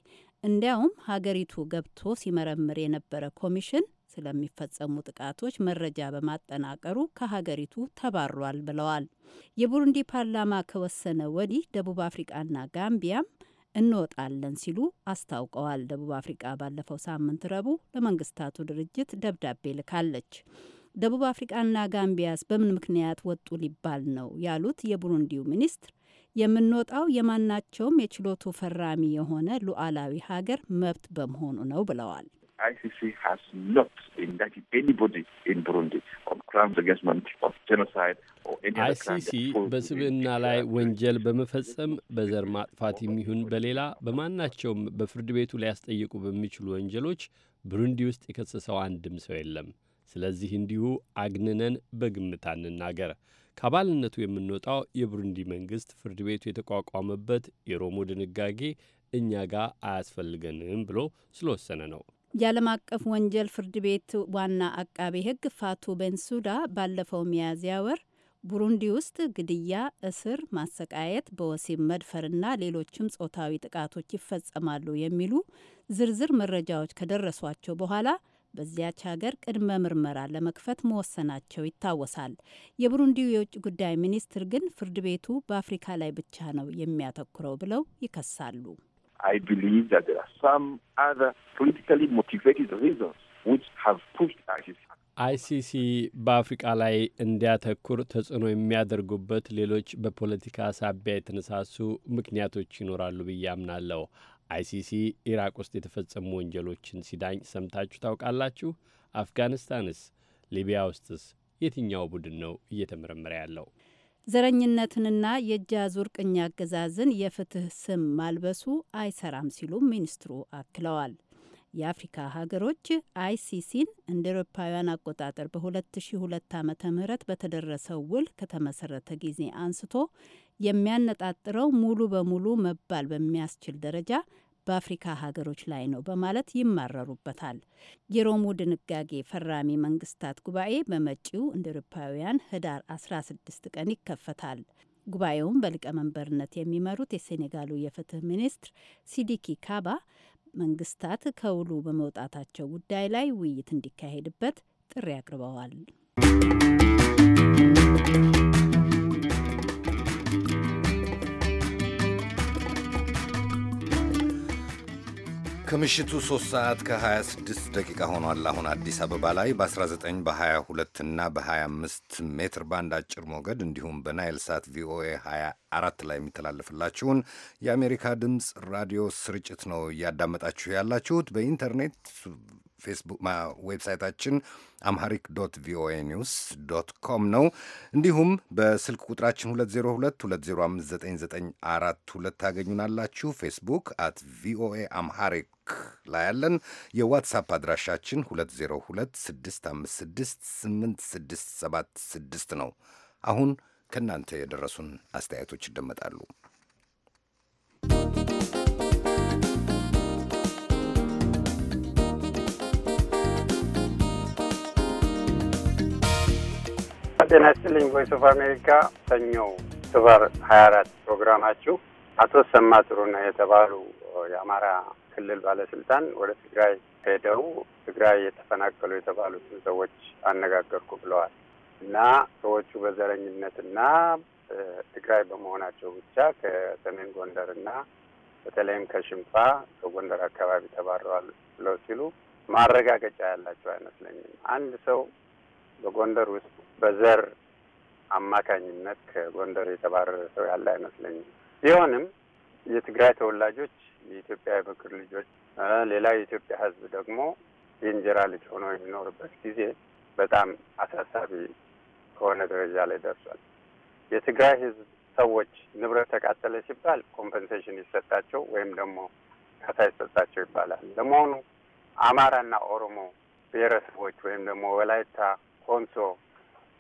እንዲያውም ሀገሪቱ ገብቶ ሲመረምር የነበረ ኮሚሽን ስለሚፈጸሙ ጥቃቶች መረጃ በማጠናቀሩ ከሀገሪቱ ተባሯል ብለዋል። የቡሩንዲ ፓርላማ ከወሰነ ወዲህ ደቡብ አፍሪቃና ጋምቢያም እንወጣለን ሲሉ አስታውቀዋል። ደቡብ አፍሪቃ ባለፈው ሳምንት ረቡዕ ለመንግስታቱ ድርጅት ደብዳቤ ልካለች። ደቡብ አፍሪቃና ጋምቢያስ በምን ምክንያት ወጡ ሊባል ነው ያሉት የቡሩንዲው ሚኒስትር የምንወጣው የማናቸውም የችሎቱ ፈራሚ የሆነ ሉዓላዊ ሀገር መብት በመሆኑ ነው ብለዋል።
ICC has not indicted anybody in Burundi on crimes against humanity of
genocide
or any other crime. አይሲሲ በስብዕና ላይ ወንጀል በመፈጸም በዘር ማጥፋት የሚሆን በሌላ በማናቸውም በፍርድ ቤቱ ሊያስጠይቁ በሚችሉ ወንጀሎች ብሩንዲ ውስጥ የከሰሰው አንድም ሰው የለም። ስለዚህ እንዲሁ አግንነን በግምት አንናገር። ከአባልነቱ የምንወጣው የብሩንዲ መንግስት ፍርድ ቤቱ የተቋቋመበት የሮሞ ድንጋጌ እኛ ጋር አያስፈልገንም ብሎ ስለወሰነ ነው።
የዓለም አቀፍ ወንጀል ፍርድ ቤት ዋና አቃቤ ሕግ ፋቱ ቤንሱዳ ባለፈው ሚያዝያ ወር ቡሩንዲ ውስጥ ግድያ፣ እስር፣ ማሰቃየት፣ በወሲብ መድፈርና ሌሎችም ጾታዊ ጥቃቶች ይፈጸማሉ የሚሉ ዝርዝር መረጃዎች ከደረሷቸው በኋላ በዚያች ሀገር ቅድመ ምርመራ ለመክፈት መወሰናቸው ይታወሳል። የቡሩንዲው የውጭ ጉዳይ ሚኒስትር ግን ፍርድ ቤቱ በአፍሪካ ላይ ብቻ ነው የሚያተኩረው ብለው ይከሳሉ።
I believe that there are
some other politically motivated reasons which have pushed ISIS.
አይሲሲ በአፍሪቃ ላይ እንዲያተኩር ተጽዕኖ የሚያደርጉበት ሌሎች በፖለቲካ ሳቢያ የተነሳሱ ምክንያቶች ይኖራሉ ብዬ አምናለሁ። አይሲሲ ኢራቅ ውስጥ የተፈጸሙ ወንጀሎችን ሲዳኝ ሰምታችሁ ታውቃላችሁ? አፍጋኒስታንስ፣ ሊቢያ ውስጥስ የትኛው ቡድን ነው እየተመረመረ ያለው?
ዘረኝነትንና የእጅ አዙር ቅኝ አገዛዝን የፍትህ ስም ማልበሱ አይሰራም ሲሉ ሚኒስትሩ አክለዋል። የአፍሪካ ሀገሮች አይሲሲን እንደ ኤሮፓውያን አቆጣጠር በ2002 ዓ ም በተደረሰው ውል ከተመሰረተ ጊዜ አንስቶ የሚያነጣጥረው ሙሉ በሙሉ መባል በሚያስችል ደረጃ በአፍሪካ ሀገሮች ላይ ነው በማለት ይማረሩበታል። የሮሙ ድንጋጌ ፈራሚ መንግስታት ጉባኤ በመጪው እንደ አውሮፓውያን ህዳር 16 ቀን ይከፈታል። ጉባኤውም በሊቀመንበርነት የሚመሩት የሴኔጋሉ የፍትህ ሚኒስትር ሲዲኪ ካባ መንግስታት ከውሉ በመውጣታቸው ጉዳይ ላይ ውይይት እንዲካሄድበት ጥሪ አቅርበዋል።
ከምሽቱ 3 ሰዓት ከ26 ደቂቃ ሆኗል። አሁን አዲስ አበባ ላይ በ19 በ22 እና በ25 ሜትር ባንድ አጭር ሞገድ እንዲሁም በናይል ሳት ቪኦኤ 24 ላይ የሚተላለፍላችሁን የአሜሪካ ድምፅ ራዲዮ ስርጭት ነው እያዳመጣችሁ ያላችሁት። በኢንተርኔት ፌስቡክ ዌብሳይታችን አምሃሪክ ዶት ቪኦኤ ኒውስ ዶት ኮም ነው። እንዲሁም በስልክ ቁጥራችን 2022059942 ታገኙናላችሁ። ፌስቡክ አት ቪኦኤ አምሃሪክ ላይ ያለን የዋትሳፕ አድራሻችን 2026568676 ነው። አሁን ከእናንተ የደረሱን አስተያየቶች ይደመጣሉ።
ጤና ይስጥልኝ። ቮይስ ኦፍ አሜሪካ ሰኞ ህዳር ሀያ አራት ፕሮግራማችሁ አቶ ሰማ ጥሩነህ የተባሉ የአማራ ክልል ባለስልጣን ወደ ትግራይ ሄደው ትግራይ የተፈናቀሉ የተባሉትን ሰዎች አነጋገርኩ ብለዋል እና ሰዎቹ በዘረኝነትና ትግራይ በመሆናቸው ብቻ ከሰሜን ጎንደር እና በተለይም ከሽንፋ ከጎንደር አካባቢ ተባረዋል ብለው ሲሉ ማረጋገጫ ያላቸው አይመስለኝም። አንድ ሰው በጎንደር ውስጥ በዘር አማካኝነት ከጎንደር የተባረረ ሰው ያለ አይመስለኝም። ቢሆንም የትግራይ ተወላጆች የኢትዮጵያ የምክር ልጆች፣ ሌላ የኢትዮጵያ ሕዝብ ደግሞ የእንጀራ ልጅ ሆኖ የሚኖርበት ጊዜ በጣም አሳሳቢ ከሆነ ደረጃ ላይ ደርሷል። የትግራይ ሕዝብ ሰዎች ንብረት ተቃጠለ ሲባል ኮምፐንሴሽን ይሰጣቸው ወይም ደግሞ ካሳ ይሰጣቸው ይባላል። ለመሆኑ አማራና ኦሮሞ ብሔረሰቦች ወይም ደግሞ ወላይታ ኮንሶ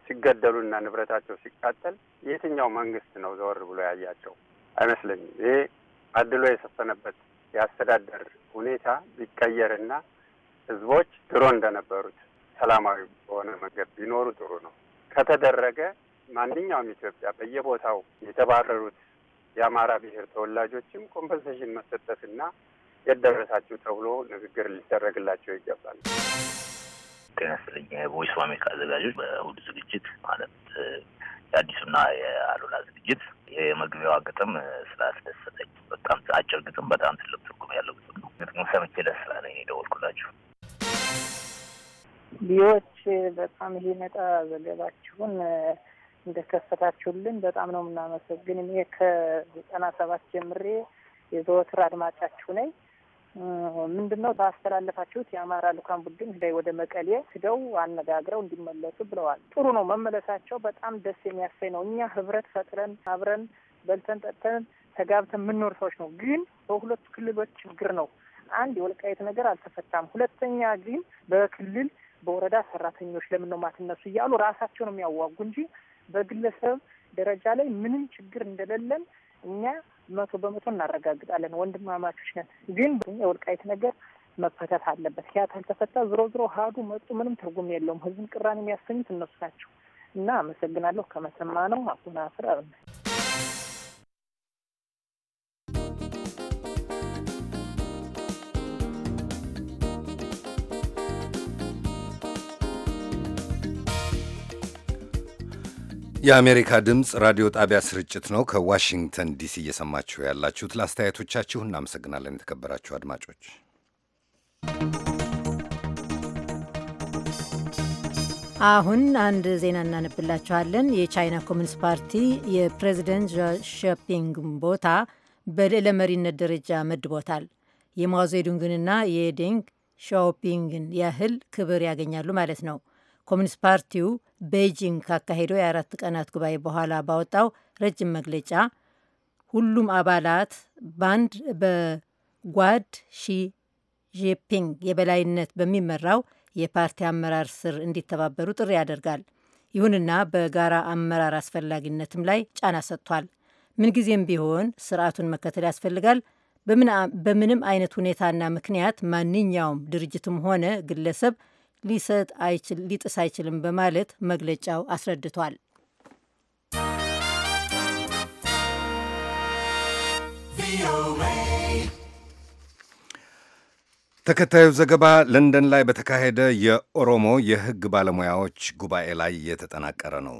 ሲገደሉና ንብረታቸው ሲቃጠል የትኛው መንግስት ነው ዘወር ብሎ ያያቸው? አይመስለኝም። ይሄ አድሎ የሰፈነበት የአስተዳደር ሁኔታ ቢቀየርና ህዝቦች ድሮ እንደነበሩት ሰላማዊ በሆነ መንገድ ቢኖሩ ጥሩ ነው። ከተደረገ ማንኛውም ኢትዮጵያ በየቦታው የተባረሩት የአማራ ብሔር ተወላጆችም ኮምፐንሴሽን መሰጠትና የደረሳችሁ ተብሎ ንግግር ሊደረግላቸው ይገባል።
ጤና ይስጥልኝ። የቮይስ ኦፍ አሜሪካ አዘጋጆች በእሁድ ዝግጅት ማለት የአዲሱና የአሉላ ዝግጅት የመግቢያዋ ግጥም ስላስደሰተኝ በጣም አጭር ግጥም፣ በጣም ትልቅ ትርጉም ያለው ግጥም ነው። ግጥሙ ሰምቼ ደስ ስላለኝ ደወልኩላችሁ። ቢዎች በጣም ይሄ ነጣ ዘገባችሁን እንደከፈታችሁልን በጣም ነው የምናመሰግን። እኔ ከዘጠና ሰባት ጀምሬ የዘወትር አድማጫችሁ ነኝ። ምንድን ነው ባስተላለፋችሁት የአማራ ልኡካን ቡድን ላይ ወደ መቀሌ ሂደው አነጋግረው እንዲመለሱ ብለዋል። ጥሩ ነው መመለሳቸው፣ በጣም ደስ የሚያሰኝ ነው። እኛ ህብረት ፈጥረን አብረን በልተን ጠጥተን ተጋብተን የምንኖር ሰዎች ነው። ግን በሁለቱ ክልሎች ችግር ነው። አንድ የወልቃየት ነገር አልተፈታም። ሁለተኛ ግን በክልል በወረዳ ሰራተኞች ለምን ነው ማትነሱ እያሉ ነው የሚያዋጉ እንጂ በግለሰብ ደረጃ ላይ ምንም ችግር እንደሌለን እኛ መቶ በመቶ እናረጋግጣለን። ወንድማማቾች ነን። ግን የወልቃይት ነገር መፈታት አለበት። ያ ካልተፈታ ዝሮ ዝሮ ሀዱ መጡ ምንም ትርጉም የለውም። ህዝብን ቅራን የሚያሰኙት እነሱ ናቸው እና አመሰግናለሁ። ከመሰማ ነው አቡና ፍር
የአሜሪካ ድምፅ ራዲዮ ጣቢያ ስርጭት ነው። ከዋሽንግተን ዲሲ እየሰማችሁ ያላችሁት። ለአስተያየቶቻችሁ እናመሰግናለን የተከበራችሁ አድማጮች።
አሁን አንድ ዜና እናነብላችኋለን። የቻይና ኮሚኒስት ፓርቲ የፕሬዚደንት ሾፒንግ ቦታ በልዕለ መሪነት ደረጃ መድቦታል። የማዜዱንግንና የዴንግ ሻኦፒንግን ያህል ክብር ያገኛሉ ማለት ነው። ኮሚኒስት ፓርቲው ቤጂንግ ካካሄደው የአራት ቀናት ጉባኤ በኋላ ባወጣው ረጅም መግለጫ ሁሉም አባላት በአንድ በጓድ ሺ ጂንፒንግ የበላይነት በሚመራው የፓርቲ አመራር ስር እንዲተባበሩ ጥሪ ያደርጋል። ይሁንና በጋራ አመራር አስፈላጊነትም ላይ ጫና ሰጥቷል። ምንጊዜም ቢሆን ስርዓቱን መከተል ያስፈልጋል። በምንም አይነት ሁኔታና ምክንያት ማንኛውም ድርጅትም ሆነ ግለሰብ ሊሰጥ ሊጥስ አይችልም በማለት መግለጫው አስረድቷል።
ተከታዩ ዘገባ ለንደን ላይ በተካሄደ የኦሮሞ የሕግ ባለሙያዎች ጉባኤ ላይ የተጠናቀረ ነው።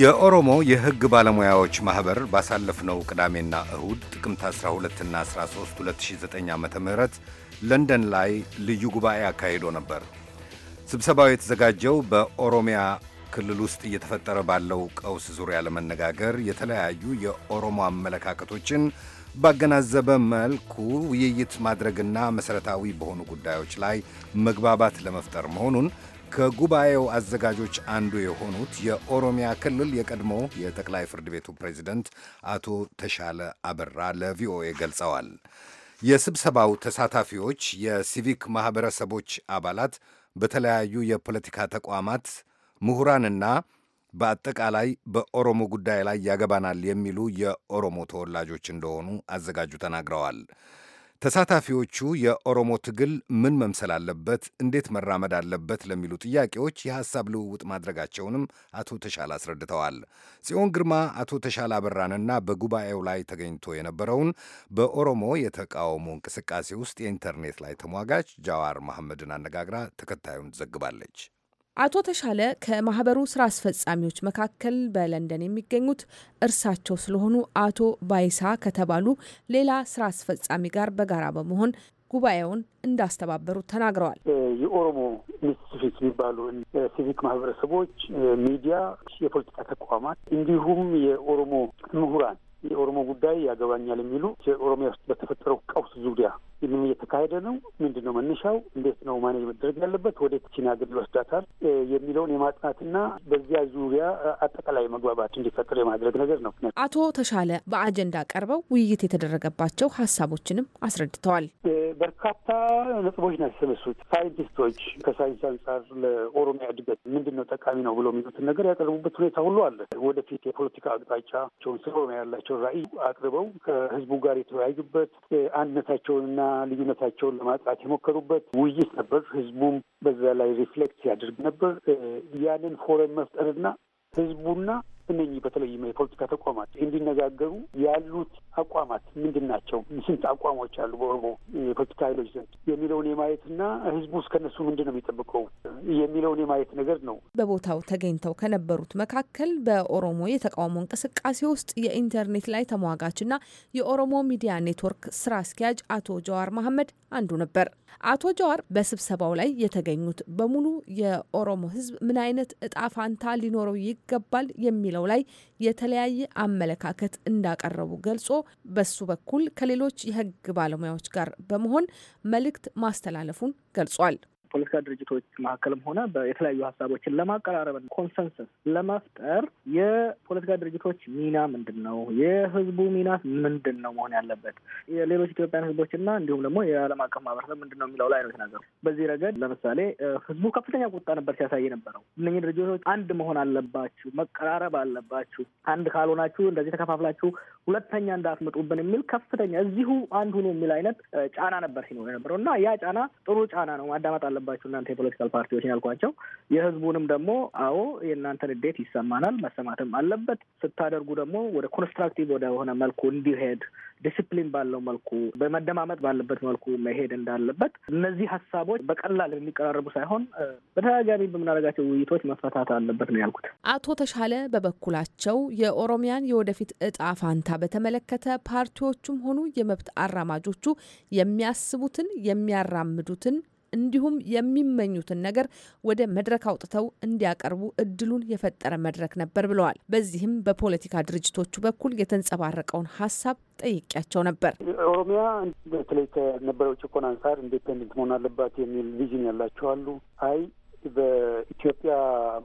የኦሮሞ የሕግ ባለሙያዎች ማኅበር ባሳለፍነው ቅዳሜና እሁድ ጥቅምት 12 እና 13 2009 ዓ ም ለንደን ላይ ልዩ ጉባኤ አካሂዶ ነበር። ስብሰባው የተዘጋጀው በኦሮሚያ ክልል ውስጥ እየተፈጠረ ባለው ቀውስ ዙሪያ ለመነጋገር የተለያዩ የኦሮሞ አመለካከቶችን ባገናዘበ መልኩ ውይይት ማድረግና መሠረታዊ በሆኑ ጉዳዮች ላይ መግባባት ለመፍጠር መሆኑን ከጉባኤው አዘጋጆች አንዱ የሆኑት የኦሮሚያ ክልል የቀድሞ የጠቅላይ ፍርድ ቤቱ ፕሬዚደንት አቶ ተሻለ አበራ ለቪኦኤ ገልጸዋል። የስብሰባው ተሳታፊዎች የሲቪክ ማኅበረሰቦች አባላት፣ በተለያዩ የፖለቲካ ተቋማት ምሁራንና በአጠቃላይ በኦሮሞ ጉዳይ ላይ ያገባናል የሚሉ የኦሮሞ ተወላጆች እንደሆኑ አዘጋጁ ተናግረዋል። ተሳታፊዎቹ የኦሮሞ ትግል ምን መምሰል አለበት፣ እንዴት መራመድ አለበት ለሚሉ ጥያቄዎች የሐሳብ ልውውጥ ማድረጋቸውንም አቶ ተሻለ አስረድተዋል። ጽዮን ግርማ አቶ ተሻለ አበራንና በጉባኤው ላይ ተገኝቶ የነበረውን በኦሮሞ የተቃውሞ እንቅስቃሴ ውስጥ የኢንተርኔት ላይ ተሟጋች ጃዋር መሐመድን አነጋግራ ተከታዩን ዘግባለች።
አቶ ተሻለ ከማህበሩ ስራ አስፈጻሚዎች መካከል በለንደን የሚገኙት እርሳቸው ስለሆኑ አቶ ባይሳ ከተባሉ ሌላ ስራ አስፈጻሚ ጋር በጋራ በመሆን ጉባኤውን እንዳስተባበሩ ተናግረዋል።
የኦሮሞ ሚስፊክ የሚባሉ ሲቪክ ማህበረሰቦች፣ ሚዲያ፣ የፖለቲካ ተቋማት እንዲሁም የኦሮሞ ምሁራን የኦሮሞ ጉዳይ ያገባኛል የሚሉ የኦሮሚያ ውስጥ በተፈጠረው ቀውስ ዙሪያ ምን እየተካሄደ ነው? ምንድን ነው መነሻው? እንዴት ነው ማኔጅ መደረግ ያለበት? ወዴት ቺን ሀገር ይወስዳታል? የሚለውን የማጥናትና በዚያ ዙሪያ አጠቃላይ መግባባት እንዲፈጠር የማድረግ ነገር ነው።
አቶ ተሻለ በአጀንዳ ቀርበው ውይይት የተደረገባቸው ሀሳቦችንም አስረድተዋል።
በርካታ ነጥቦች ነው ያሰበሱት። ሳይንቲስቶች ከሳይንስ አንጻር ለኦሮሚያ እድገት ምንድን ነው ጠቃሚ ነው ብሎ የሚሉትን ነገር ያቀረቡበት ሁኔታ ሁሉ አለ። ወደፊት የፖለቲካ አቅጣጫቸውን ስለ ኦሮሚያ ያላቸውን ራዕይ አቅርበው ከህዝቡ ጋር የተወያዩበት አንድነታቸውንና ልዩነታቸውን ለማጥራት የሞከሩበት ውይይት ነበር። ህዝቡም በዛ ላይ ሪፍሌክት ያደርግ ነበር። ያንን ፎረም መፍጠርና ህዝቡና እነኚህ በተለይ የፖለቲካ ተቋማት እንዲነጋገሩ ያሉት አቋማት ምንድን ናቸው? ስንት አቋሞች አሉ በኦሮሞ የፖለቲካ ኃይሎች ዘንድ የሚለውን የማየትና ህዝቡ ውስጥ ከነሱ ምንድን ነው የሚጠብቀው የሚለውን የማየት ነገር ነው።
በቦታው ተገኝተው ከነበሩት መካከል በኦሮሞ የተቃውሞ እንቅስቃሴ ውስጥ የኢንተርኔት ላይ ተሟጋችና የኦሮሞ ሚዲያ ኔትወርክ ስራ አስኪያጅ አቶ ጀዋር መሐመድ አንዱ ነበር። አቶ ጀዋር በስብሰባው ላይ የተገኙት በሙሉ የኦሮሞ ህዝብ ምን አይነት እጣ ፋንታ ሊኖረው ይገባል የሚለው ላይ የተለያየ አመለካከት እንዳቀረቡ ገልጾ በሱ በኩል ከሌሎች የህግ ባለሙያዎች ጋር በመሆን መልእክት ማስተላለፉን ገልጿል።
በፖለቲካ ድርጅቶች መካከልም ሆነ የተለያዩ ሀሳቦችን ለማቀራረብ ኮንሰንሰስ ለመፍጠር የፖለቲካ ድርጅቶች ሚና ምንድን ነው? የህዝቡ ሚና ምንድን ነው መሆን ያለበት? የሌሎች ኢትዮጵያን ህዝቦችና እንዲሁም ደግሞ የዓለም አቀፍ ማህበረሰብ ምንድን ነው የሚለው ላይ ነው የተናገሩ። በዚህ ረገድ ለምሳሌ ህዝቡ ከፍተኛ ቁጣ ነበር ሲያሳይ ነበረው። እነኝህ ድርጅቶች አንድ መሆን አለባችሁ፣ መቀራረብ አለባችሁ፣ አንድ ካልሆናችሁ እንደዚህ ተከፋፍላችሁ ሁለተኛ እንዳትመጡብን የሚል ከፍተኛ እዚሁ አንድ ሁኑ የሚል አይነት ጫና ነበር ሲኖር የነበረው እና ያ ጫና ጥሩ ጫና ነው፣ ማዳመጥ አለበት ያለባቸው እናንተ የፖለቲካል ፓርቲዎች ያልኳቸው የህዝቡንም ደግሞ አዎ የእናንተን ንዴት ይሰማናል፣ መሰማትም አለበት። ስታደርጉ ደግሞ ወደ ኮንስትራክቲቭ ወደሆነ መልኩ እንዲሄድ ዲስፕሊን ባለው መልኩ በመደማመጥ ባለበት መልኩ መሄድ እንዳለበት እነዚህ ሀሳቦች በቀላል የሚቀራረቡ ሳይሆን በተደጋጋሚ በምናደርጋቸው ውይይቶች መፈታት አለበት ነው ያልኩት።
አቶ ተሻለ በበኩላቸው የኦሮሚያን የወደፊት እጣ ፋንታ በተመለከተ ፓርቲዎቹም ሆኑ የመብት አራማጆቹ የሚያስቡትን የሚያራምዱትን እንዲሁም የሚመኙትን ነገር ወደ መድረክ አውጥተው እንዲያቀርቡ እድሉን የፈጠረ መድረክ ነበር ብለዋል። በዚህም በፖለቲካ ድርጅቶቹ በኩል የተንጸባረቀውን ሀሳብ ጠይቄያቸው ነበር።
ኦሮሚያ በተለይ ከነበረው ጭቆና አንጻር ኢንዲፔንደንት መሆን አለባት የሚል ቪዥን ያላቸው አሉ። አይ በኢትዮጵያ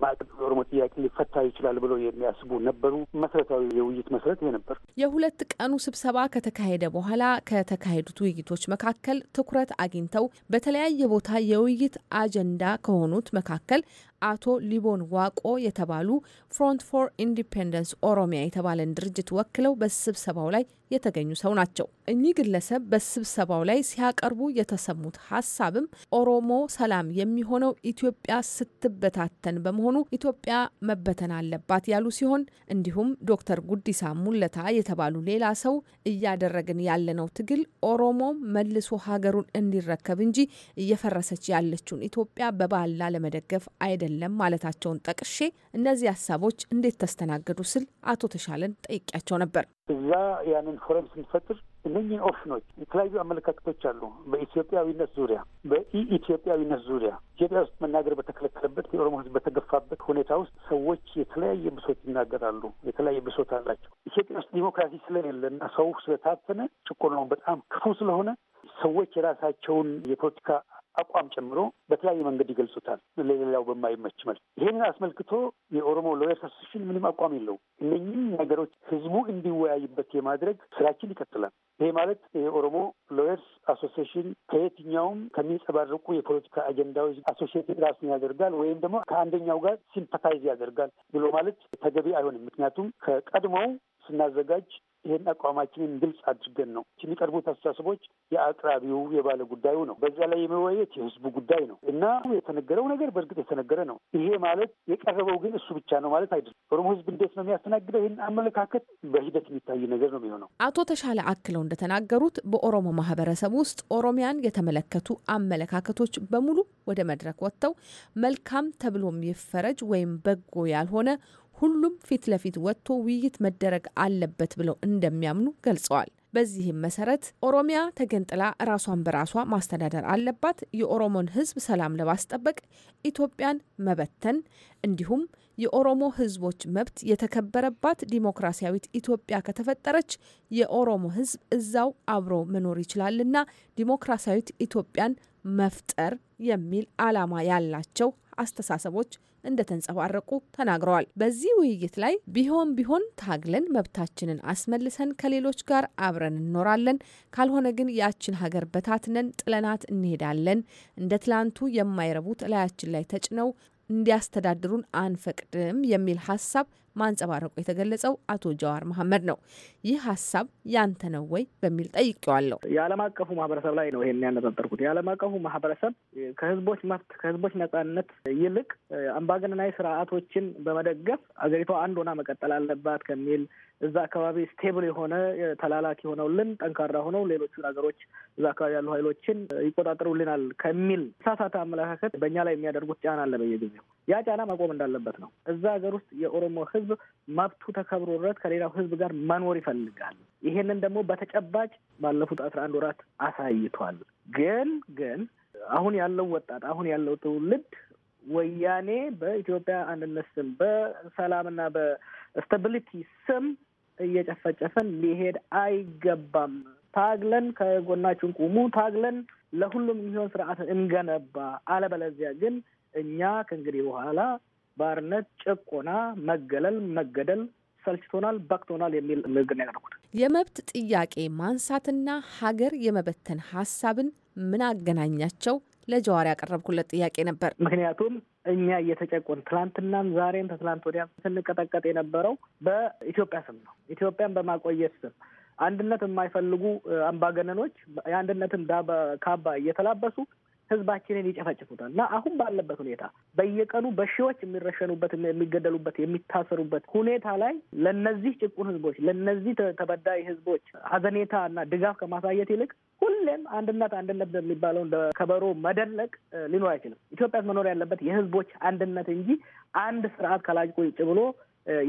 ማዕቀብ የኦሮሞ ጥያቄ ሊፈታ ይችላል ብለው የሚያስቡ ነበሩ። መሰረታዊ የውይይት መሰረት ይሄ ነበር።
የሁለት ቀኑ ስብሰባ ከተካሄደ በኋላ ከተካሄዱት ውይይቶች መካከል ትኩረት አግኝተው በተለያየ ቦታ የውይይት አጀንዳ ከሆኑት መካከል አቶ ሊቦን ዋቆ የተባሉ ፍሮንት ፎር ኢንዲፔንደንስ ኦሮሚያ የተባለን ድርጅት ወክለው በስብሰባው ላይ የተገኙ ሰው ናቸው። እኚህ ግለሰብ በስብሰባው ላይ ሲያቀርቡ የተሰሙት ሀሳብም ኦሮሞ ሰላም የሚሆነው ኢትዮጵያ ስትበታተን በመሆኑ ኢትዮጵያ መበተን አለባት ያሉ ሲሆን እንዲሁም ዶክተር ጉዲሳ ሙለታ የተባሉ ሌላ ሰው እያደረግን ያለነው ትግል ኦሮሞ መልሶ ሀገሩን እንዲረከብ እንጂ እየፈረሰች ያለችውን ኢትዮጵያ በባላ ለመደገፍ አይደለም አይደለም ማለታቸውን ጠቅሼ እነዚህ ሀሳቦች እንዴት ተስተናገዱ ስል አቶ ተሻለን ጠይቂያቸው ነበር።
እዛ ያንን ፎረም ስንፈጥር እነኝን ኦፕሽኖች የተለያዩ አመለካከቶች አሉ። በኢትዮጵያዊነት ዙሪያ በኢኢትዮጵያዊነት ዙሪያ ኢትዮጵያ ውስጥ መናገር በተከለከለበት የኦሮሞ ሕዝብ በተገፋበት ሁኔታ ውስጥ ሰዎች የተለያየ ብሶት ይናገራሉ። የተለያየ ብሶት አላቸው። ኢትዮጵያ ውስጥ ዲሞክራሲ ስለሌለ እና ሰው ስለታፈነ ጭቆናው በጣም ክፉ ስለሆነ ሰዎች የራሳቸውን የፖለቲካ አቋም ጨምሮ በተለያየ መንገድ ይገልጹታል፣ ለሌላው በማይመች መልክ። ይህንን አስመልክቶ የኦሮሞ ሎየርስ አሶሴሽን ምንም አቋም የለው? እነኝም ነገሮች ህዝቡ እንዲወያይበት የማድረግ ስራችን ይቀጥላል። ይሄ ማለት የኦሮሞ ሎየርስ አሶሲሽን ከየትኛውም ከሚንጸባረቁ የፖለቲካ አጀንዳዎች አሶሽት ራሱን ያደርጋል ወይም ደግሞ ከአንደኛው ጋር ሲምፓታይዝ ያደርጋል ብሎ ማለት ተገቢ አይሆንም። ምክንያቱም ከቀድሞው ስናዘጋጅ ይህን አቋማችንን ግልጽ አድርገን ነው የሚቀርቡት አስተሳሰቦች የአቅራቢው የባለ ጉዳዩ ነው። በዛ ላይ የመወያየት የህዝቡ ጉዳይ ነው እና የተነገረው ነገር በእርግጥ የተነገረ ነው። ይሄ ማለት የቀረበው ግን እሱ ብቻ ነው ማለት አይደለም። ኦሮሞ ህዝብ እንዴት ነው የሚያስተናግደው ይህን አመለካከት በሂደት የሚታይ ነገር ነው የሚሆነው።
አቶ ተሻለ አክለው እንደተናገሩት በኦሮሞ ማህበረሰብ ውስጥ ኦሮሚያን የተመለከቱ አመለካከቶች በሙሉ ወደ መድረክ ወጥተው መልካም ተብሎ የሚፈረጅ ወይም በጎ ያልሆነ ሁሉም ፊት ለፊት ወጥቶ ውይይት መደረግ አለበት ብለው እንደሚያምኑ ገልጸዋል። በዚህም መሰረት ኦሮሚያ ተገንጥላ ራሷን በራሷ ማስተዳደር አለባት፣ የኦሮሞን ሕዝብ ሰላም ለማስጠበቅ ኢትዮጵያን መበተን እንዲሁም የኦሮሞ ሕዝቦች መብት የተከበረባት ዲሞክራሲያዊት ኢትዮጵያ ከተፈጠረች የኦሮሞ ሕዝብ እዛው አብሮ መኖር ይችላልና ዲሞክራሲያዊት ኢትዮጵያን መፍጠር የሚል ዓላማ ያላቸው አስተሳሰቦች እንደተንጸባረቁ ተናግረዋል። በዚህ ውይይት ላይ ቢሆን ቢሆን ታግለን መብታችንን አስመልሰን ከሌሎች ጋር አብረን እንኖራለን፣ ካልሆነ ግን ያችን ሀገር በታትነን ጥለናት እንሄዳለን። እንደ ትላንቱ የማይረቡት እላያችን ላይ ተጭነው እንዲያስተዳድሩን አንፈቅድም የሚል ሀሳብ ማንጸባረቁ የተገለጸው አቶ ጀዋር መሐመድ ነው። ይህ ሀሳብ ያንተ ነው ወይ በሚል ጠይቄዋለሁ።
የዓለም አቀፉ ማህበረሰብ ላይ ነው ይሄን ያነጣጠርኩት። የዓለም አቀፉ ማህበረሰብ ከህዝቦች መብት ከህዝቦች ነጻነት ይልቅ አምባገነናዊ ስርዓቶችን በመደገፍ አገሪቷ አንድ ሆና መቀጠል አለባት ከሚል እዛ አካባቢ ስቴብል የሆነ ተላላኪ ሆነውልን ጠንካራ ሆነው ሌሎቹን ሀገሮች እዛ አካባቢ ያሉ ኃይሎችን ይቆጣጠሩልናል ከሚል ሳሳተ አመለካከት በእኛ ላይ የሚያደርጉት ጫና አለ በየጊዜው። ያ ጫና ማቆም እንዳለበት ነው። እዛ ሀገር ውስጥ የኦሮሞ ህዝብ መብቱ ተከብሮለት ከሌላው ህዝብ ጋር መኖር ይፈልጋል። ይሄንን ደግሞ በተጨባጭ ባለፉት አስራ አንድ ወራት አሳይቷል። ግን ግን አሁን ያለው ወጣት አሁን ያለው ትውልድ ወያኔ በኢትዮጵያ አንድነት ስም በሰላምና በስታቢሊቲ ስም እየጨፈጨፈን ሊሄድ አይገባም። ታግለን ከጎናችን ቁሙ። ታግለን ለሁሉም የሚሆን ስርዓት እንገነባ። አለበለዚያ ግን እኛ ከእንግዲህ በኋላ ባርነት፣ ጭቆና፣ መገለል፣ መገደል ሰልችቶናል፣ በቅቶናል የሚል ንግግር ያደርጉት
የመብት ጥያቄ ማንሳትና ሀገር የመበተን ሀሳብን ምን አገናኛቸው? ለጀዋር ያቀረብኩለት ጥያቄ ነበር። ምክንያቱም እኛ እየተጨቆን
ትላንትናም፣ ዛሬም ተትላንት
ወዲያ ስንቀጠቀጥ የነበረው በኢትዮጵያ ስም ነው። ኢትዮጵያን
በማቆየት ስም አንድነት የማይፈልጉ አምባገነኖች የአንድነትን ካባ እየተላበሱ ህዝባችንን ይጨፈጭፉታል እና አሁን ባለበት ሁኔታ በየቀኑ በሺዎች የሚረሸኑበት፣ የሚገደሉበት፣ የሚታሰሩበት ሁኔታ ላይ ለነዚህ ጭቁን ህዝቦች ለነዚህ ተበዳይ ህዝቦች ሀዘኔታ እና ድጋፍ ከማሳየት ይልቅ ሁሌም አንድነት አንድነት የሚባለውን ከበሮ መደለቅ ሊኖር አይችልም። ኢትዮጵያ መኖር ያለበት የህዝቦች አንድነት እንጂ አንድ ስርዓት ከላጅ ቁጭ ብሎ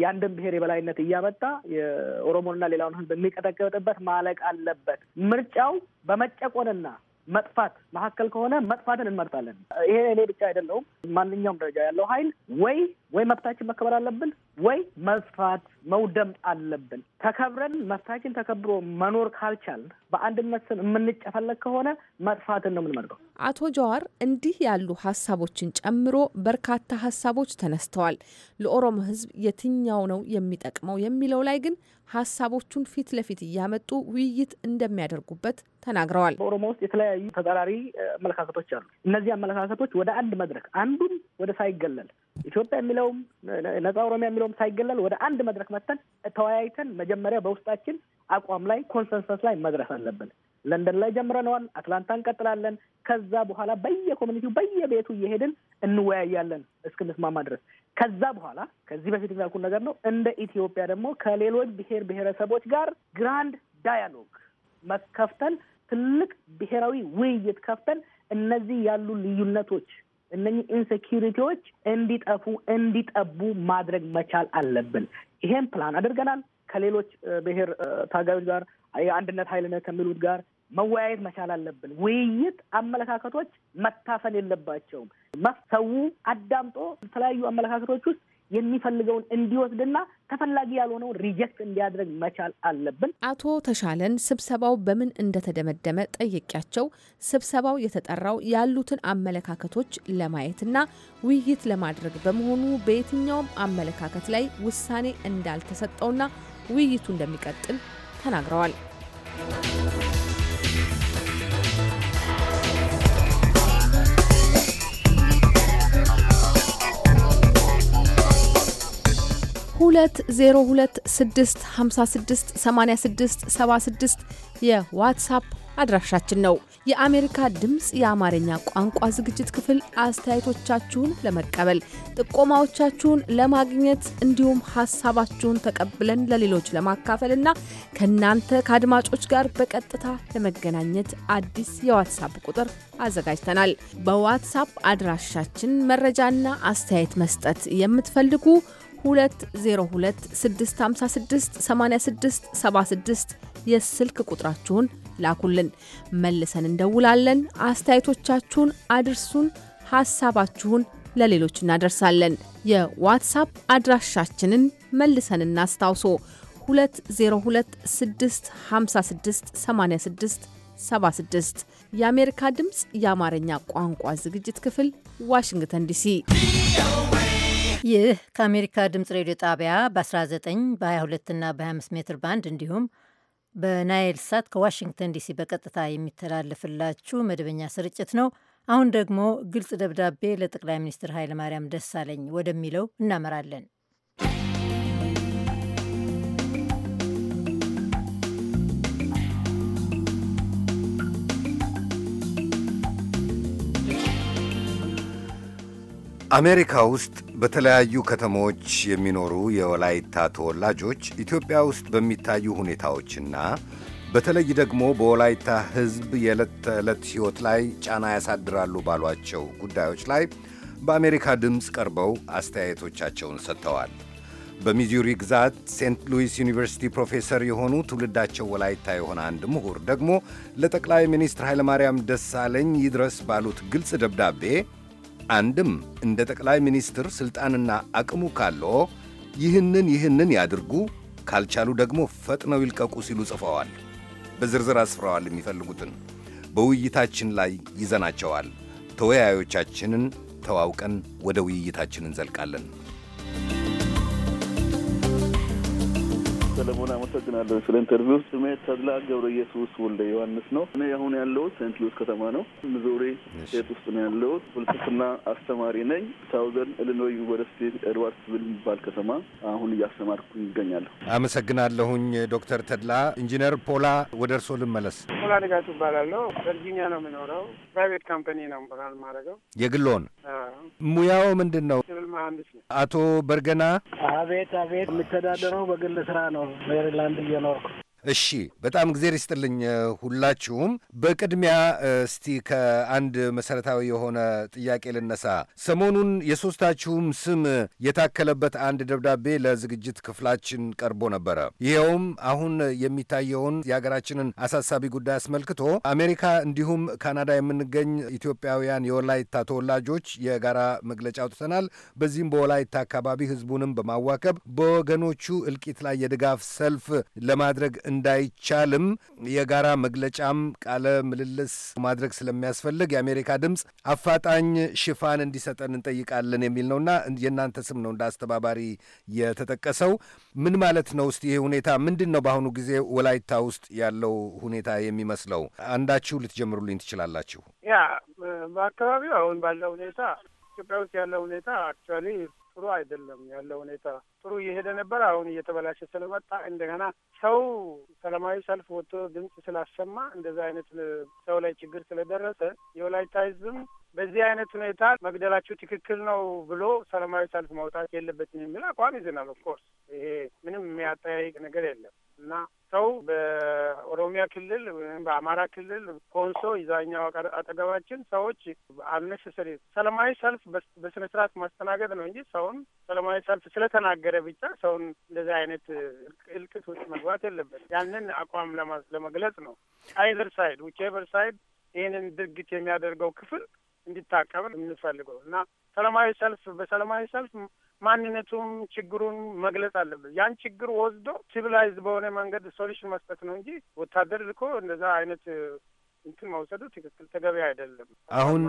የአንድን ብሔር የበላይነት እያመጣ የኦሮሞንና ሌላውን ህዝብ የሚቀጠቀጥበት ማለቅ አለበት። ምርጫው በመጨቆንና መጥፋት መካከል ከሆነ መጥፋትን እንመርጣለን። ይሄ እኔ ብቻ አይደለውም። ማንኛውም ደረጃ ያለው ኃይል ወይ ወይ መብታችን መከበር አለብን ወይ መጥፋት መውደም አለብን። ተከብረን መብታችን ተከብሮ መኖር ካልቻል በአንድነት ስም የምንጨፈለግ ከሆነ
መጥፋትን ነው የምንመርጠው። አቶ ጀዋር እንዲህ ያሉ ሀሳቦችን ጨምሮ በርካታ ሀሳቦች ተነስተዋል። ለኦሮሞ ህዝብ የትኛው ነው የሚጠቅመው የሚለው ላይ ግን ሀሳቦቹን ፊት ለፊት እያመጡ ውይይት እንደሚያደርጉበት ተናግረዋል። በኦሮሞ ውስጥ የተለያዩ
ተጻራሪ አመለካከቶች አሉ። እነዚህ አመለካከቶች ወደ አንድ መድረክ አንዱም ወደ ሳይገለል ኢትዮጵያ የሚለውም ነጻ ኦሮሚያ የሚለውም ሳይገለል ወደ አንድ መድረክ መጥተን ተወያይተን መጀመሪያ በውስጣችን አቋም ላይ ኮንሰንሰስ ላይ መድረስ አለብን። ለንደን ላይ ጀምረነዋል። አትላንታ እንቀጥላለን። ከዛ በኋላ በየኮሚኒቲው በየቤቱ እየሄድን እንወያያለን እስክንስማማ ድረስ። ከዛ በኋላ ከዚህ በፊት ያልኩት ነገር ነው። እንደ ኢትዮጵያ ደግሞ ከሌሎች ብሔር ብሔረሰቦች ጋር ግራንድ ዳያሎግ መከፍተን ትልቅ ብሔራዊ ውይይት ከፍተን እነዚህ ያሉ ልዩነቶች እነኚህ ኢንሴኪሪቲዎች እንዲጠፉ እንዲጠቡ ማድረግ መቻል አለብን። ይሄን ፕላን አድርገናል። ከሌሎች ብሔር ታጋዮች ጋር የአንድነት ኃይልነት ከሚሉት ጋር መወያየት መቻል አለብን። ውይይት አመለካከቶች መታፈን የለባቸውም። ሰው አዳምጦ የተለያዩ
አመለካከቶች ውስጥ የሚፈልገውን እንዲወስድና ተፈላጊ ያልሆነውን ሪጀክት እንዲያደርግ መቻል አለብን። አቶ ተሻለን ስብሰባው በምን እንደተደመደመ ጠይቂያቸው ስብሰባው የተጠራው ያሉትን አመለካከቶች ለማየትና ውይይት ለማድረግ በመሆኑ በየትኛውም አመለካከት ላይ ውሳኔ እንዳልተሰጠውና ውይይቱ እንደሚቀጥል ተናግረዋል። 2026568676 የዋትሳፕ አድራሻችን ነው። የአሜሪካ ድምፅ የአማርኛ ቋንቋ ዝግጅት ክፍል አስተያየቶቻችሁን ለመቀበል ጥቆማዎቻችሁን ለማግኘት እንዲሁም ሀሳባችሁን ተቀብለን ለሌሎች ለማካፈልና ከእናንተ ከአድማጮች ጋር በቀጥታ ለመገናኘት አዲስ የዋትሳፕ ቁጥር አዘጋጅተናል። በዋትሳፕ አድራሻችን መረጃና አስተያየት መስጠት የምትፈልጉ 20265686 የስልክ ቁጥራችሁን ላኩልን፣ መልሰን እንደውላለን። አስተያየቶቻችሁን አድርሱን፣ ሐሳባችሁን ለሌሎች እናደርሳለን። የዋትሳፕ አድራሻችንን መልሰን እናስታውሶ 2026568676 የአሜሪካ ድምፅ የአማርኛ ቋንቋ ዝግጅት ክፍል ዋሽንግተን ዲሲ
ይህ ከአሜሪካ ድምፅ ሬዲዮ ጣቢያ በ19 በ22 እና በ25 ሜትር ባንድ እንዲሁም በናይል ሳት ከዋሽንግተን ዲሲ በቀጥታ የሚተላለፍላችሁ መደበኛ ስርጭት ነው። አሁን ደግሞ ግልጽ ደብዳቤ ለጠቅላይ ሚኒስትር ኃይለማርያም ደሳለኝ ወደሚለው እናመራለን።
አሜሪካ ውስጥ በተለያዩ ከተሞች የሚኖሩ የወላይታ ተወላጆች ኢትዮጵያ ውስጥ በሚታዩ ሁኔታዎችና በተለይ ደግሞ በወላይታ ሕዝብ የዕለት ተዕለት ሕይወት ላይ ጫና ያሳድራሉ ባሏቸው ጉዳዮች ላይ በአሜሪካ ድምፅ ቀርበው አስተያየቶቻቸውን ሰጥተዋል። በሚዙሪ ግዛት ሴንት ሉዊስ ዩኒቨርሲቲ ፕሮፌሰር የሆኑ ትውልዳቸው ወላይታ የሆነ አንድ ምሁር ደግሞ ለጠቅላይ ሚኒስትር ኃይለማርያም ደሳለኝ ይድረስ ባሉት ግልጽ ደብዳቤ አንድም እንደ ጠቅላይ ሚኒስትር ሥልጣንና አቅሙ ካለው ይህንን ይህንን ያድርጉ፣ ካልቻሉ ደግሞ ፈጥነው ይልቀቁ ሲሉ ጽፈዋል። በዝርዝር አስፍረዋል። የሚፈልጉትን በውይይታችን ላይ ይዘናቸዋል። ተወያዮቻችንን ተዋውቀን ወደ ውይይታችን እንዘልቃለን።
ሰለሞን አመሰግናለሁ ስለ ኢንተርቪው። ስሜ ተድላ ገብረ ኢየሱስ ወልደ ዮሐንስ ነው። እኔ አሁን ያለሁት ሴንት ሉዊስ ከተማ ነው፣ ሚዙሪ ስቴት ውስጥ ነው ያለሁት። ፍልስፍና አስተማሪ ነኝ። ሳውዘርን ኢሊኖይ ዩኒቨርሲቲ ኤድዋርድስ ቪል የሚባል ከተማ አሁን እያስተማርኩ ይገኛለሁ።
አመሰግናለሁኝ ዶክተር ተድላ። ኢንጂነር ፖላ ወደ እርስዎ ልመለስ።
ፖላ ንጋቱ እባላለሁ። ቨርጂኒያ ነው የምኖረው።
ፕራይቬት ካምፓኒ ነው ምራል ማድረገው።
የግሎን ሙያው ምንድን ነው? አቶ በርገና።
አቤት አቤት። የሚተዳደረው በግል ስራ ነው Maryland, New York.
እሺ በጣም እግዜር ይስጥልኝ ሁላችሁም። በቅድሚያ እስቲ ከአንድ መሰረታዊ የሆነ ጥያቄ ልነሳ። ሰሞኑን የሶስታችሁም ስም የታከለበት አንድ ደብዳቤ ለዝግጅት ክፍላችን ቀርቦ ነበረ። ይኸውም አሁን የሚታየውን የሀገራችንን አሳሳቢ ጉዳይ አስመልክቶ አሜሪካ እንዲሁም ካናዳ የምንገኝ ኢትዮጵያውያን የወላይታ ተወላጆች የጋራ መግለጫ አውጥተናል። በዚህም በወላይታ አካባቢ ህዝቡንም በማዋከብ በወገኖቹ እልቂት ላይ የድጋፍ ሰልፍ ለማድረግ እንዳይቻልም የጋራ መግለጫም ቃለ ምልልስ ማድረግ ስለሚያስፈልግ የአሜሪካ ድምፅ አፋጣኝ ሽፋን እንዲሰጠን እንጠይቃለን የሚል ነውና የእናንተ ስም ነው እንደ አስተባባሪ የተጠቀሰው። ምን ማለት ነው? እስቲ ይሄ ሁኔታ ምንድን ነው? በአሁኑ ጊዜ ወላይታ ውስጥ ያለው ሁኔታ የሚመስለው አንዳችሁ ልትጀምሩልኝ ትችላላችሁ።
ያ በአካባቢው አሁን ባለው ሁኔታ ኢትዮጵያ ውስጥ ያለው ሁኔታ አክቹዋሊ ጥሩ አይደለም ያለው ሁኔታ። ጥሩ እየሄደ ነበር፣ አሁን እየተበላሸ ስለመጣ እንደገና ሰው ሰላማዊ ሰልፍ ወጥቶ ድምፅ ስላሰማ እንደዛ አይነት ሰው ላይ ችግር ስለደረሰ የወላይታ ህዝብም በዚህ አይነት ሁኔታ መግደላችሁ ትክክል ነው ብሎ ሰላማዊ ሰልፍ ማውጣት የለበትም የሚል አቋም ይዘናል። ኦፍኮርስ ይሄ ምንም የሚያጠያይቅ ነገር የለም እና ሰው በኦሮሚያ ክልል ወይም በአማራ ክልል ኮንሶ ይዛኛው አጠገባችን ሰዎች አነሰሰሪ ሰላማዊ ሰልፍ በስነ ስርዓት ማስተናገድ ነው እንጂ ሰውን ሰላማዊ ሰልፍ ስለተናገረ ብቻ ሰውን እንደዚህ አይነት እልቅት ውስጥ መግባት የለበት። ያንን አቋም ለመግለጽ ነው። አይዘር ሳይድ ሳይድ ይህንን ድርጊት የሚያደርገው ክፍል እንዲታቀብ የምንፈልገው እና ሰላማዊ ሰልፍ በሰላማዊ ሰልፍ ማንነቱም ችግሩን መግለጽ አለበት። ያን ችግር ወስዶ ሲቪላይዝ በሆነ መንገድ ሶሉሽን መስጠት ነው እንጂ ወታደር ልኮ እንደዛ አይነት እንትን መውሰዱ ትክክል ተገቢ አይደለም። አሁን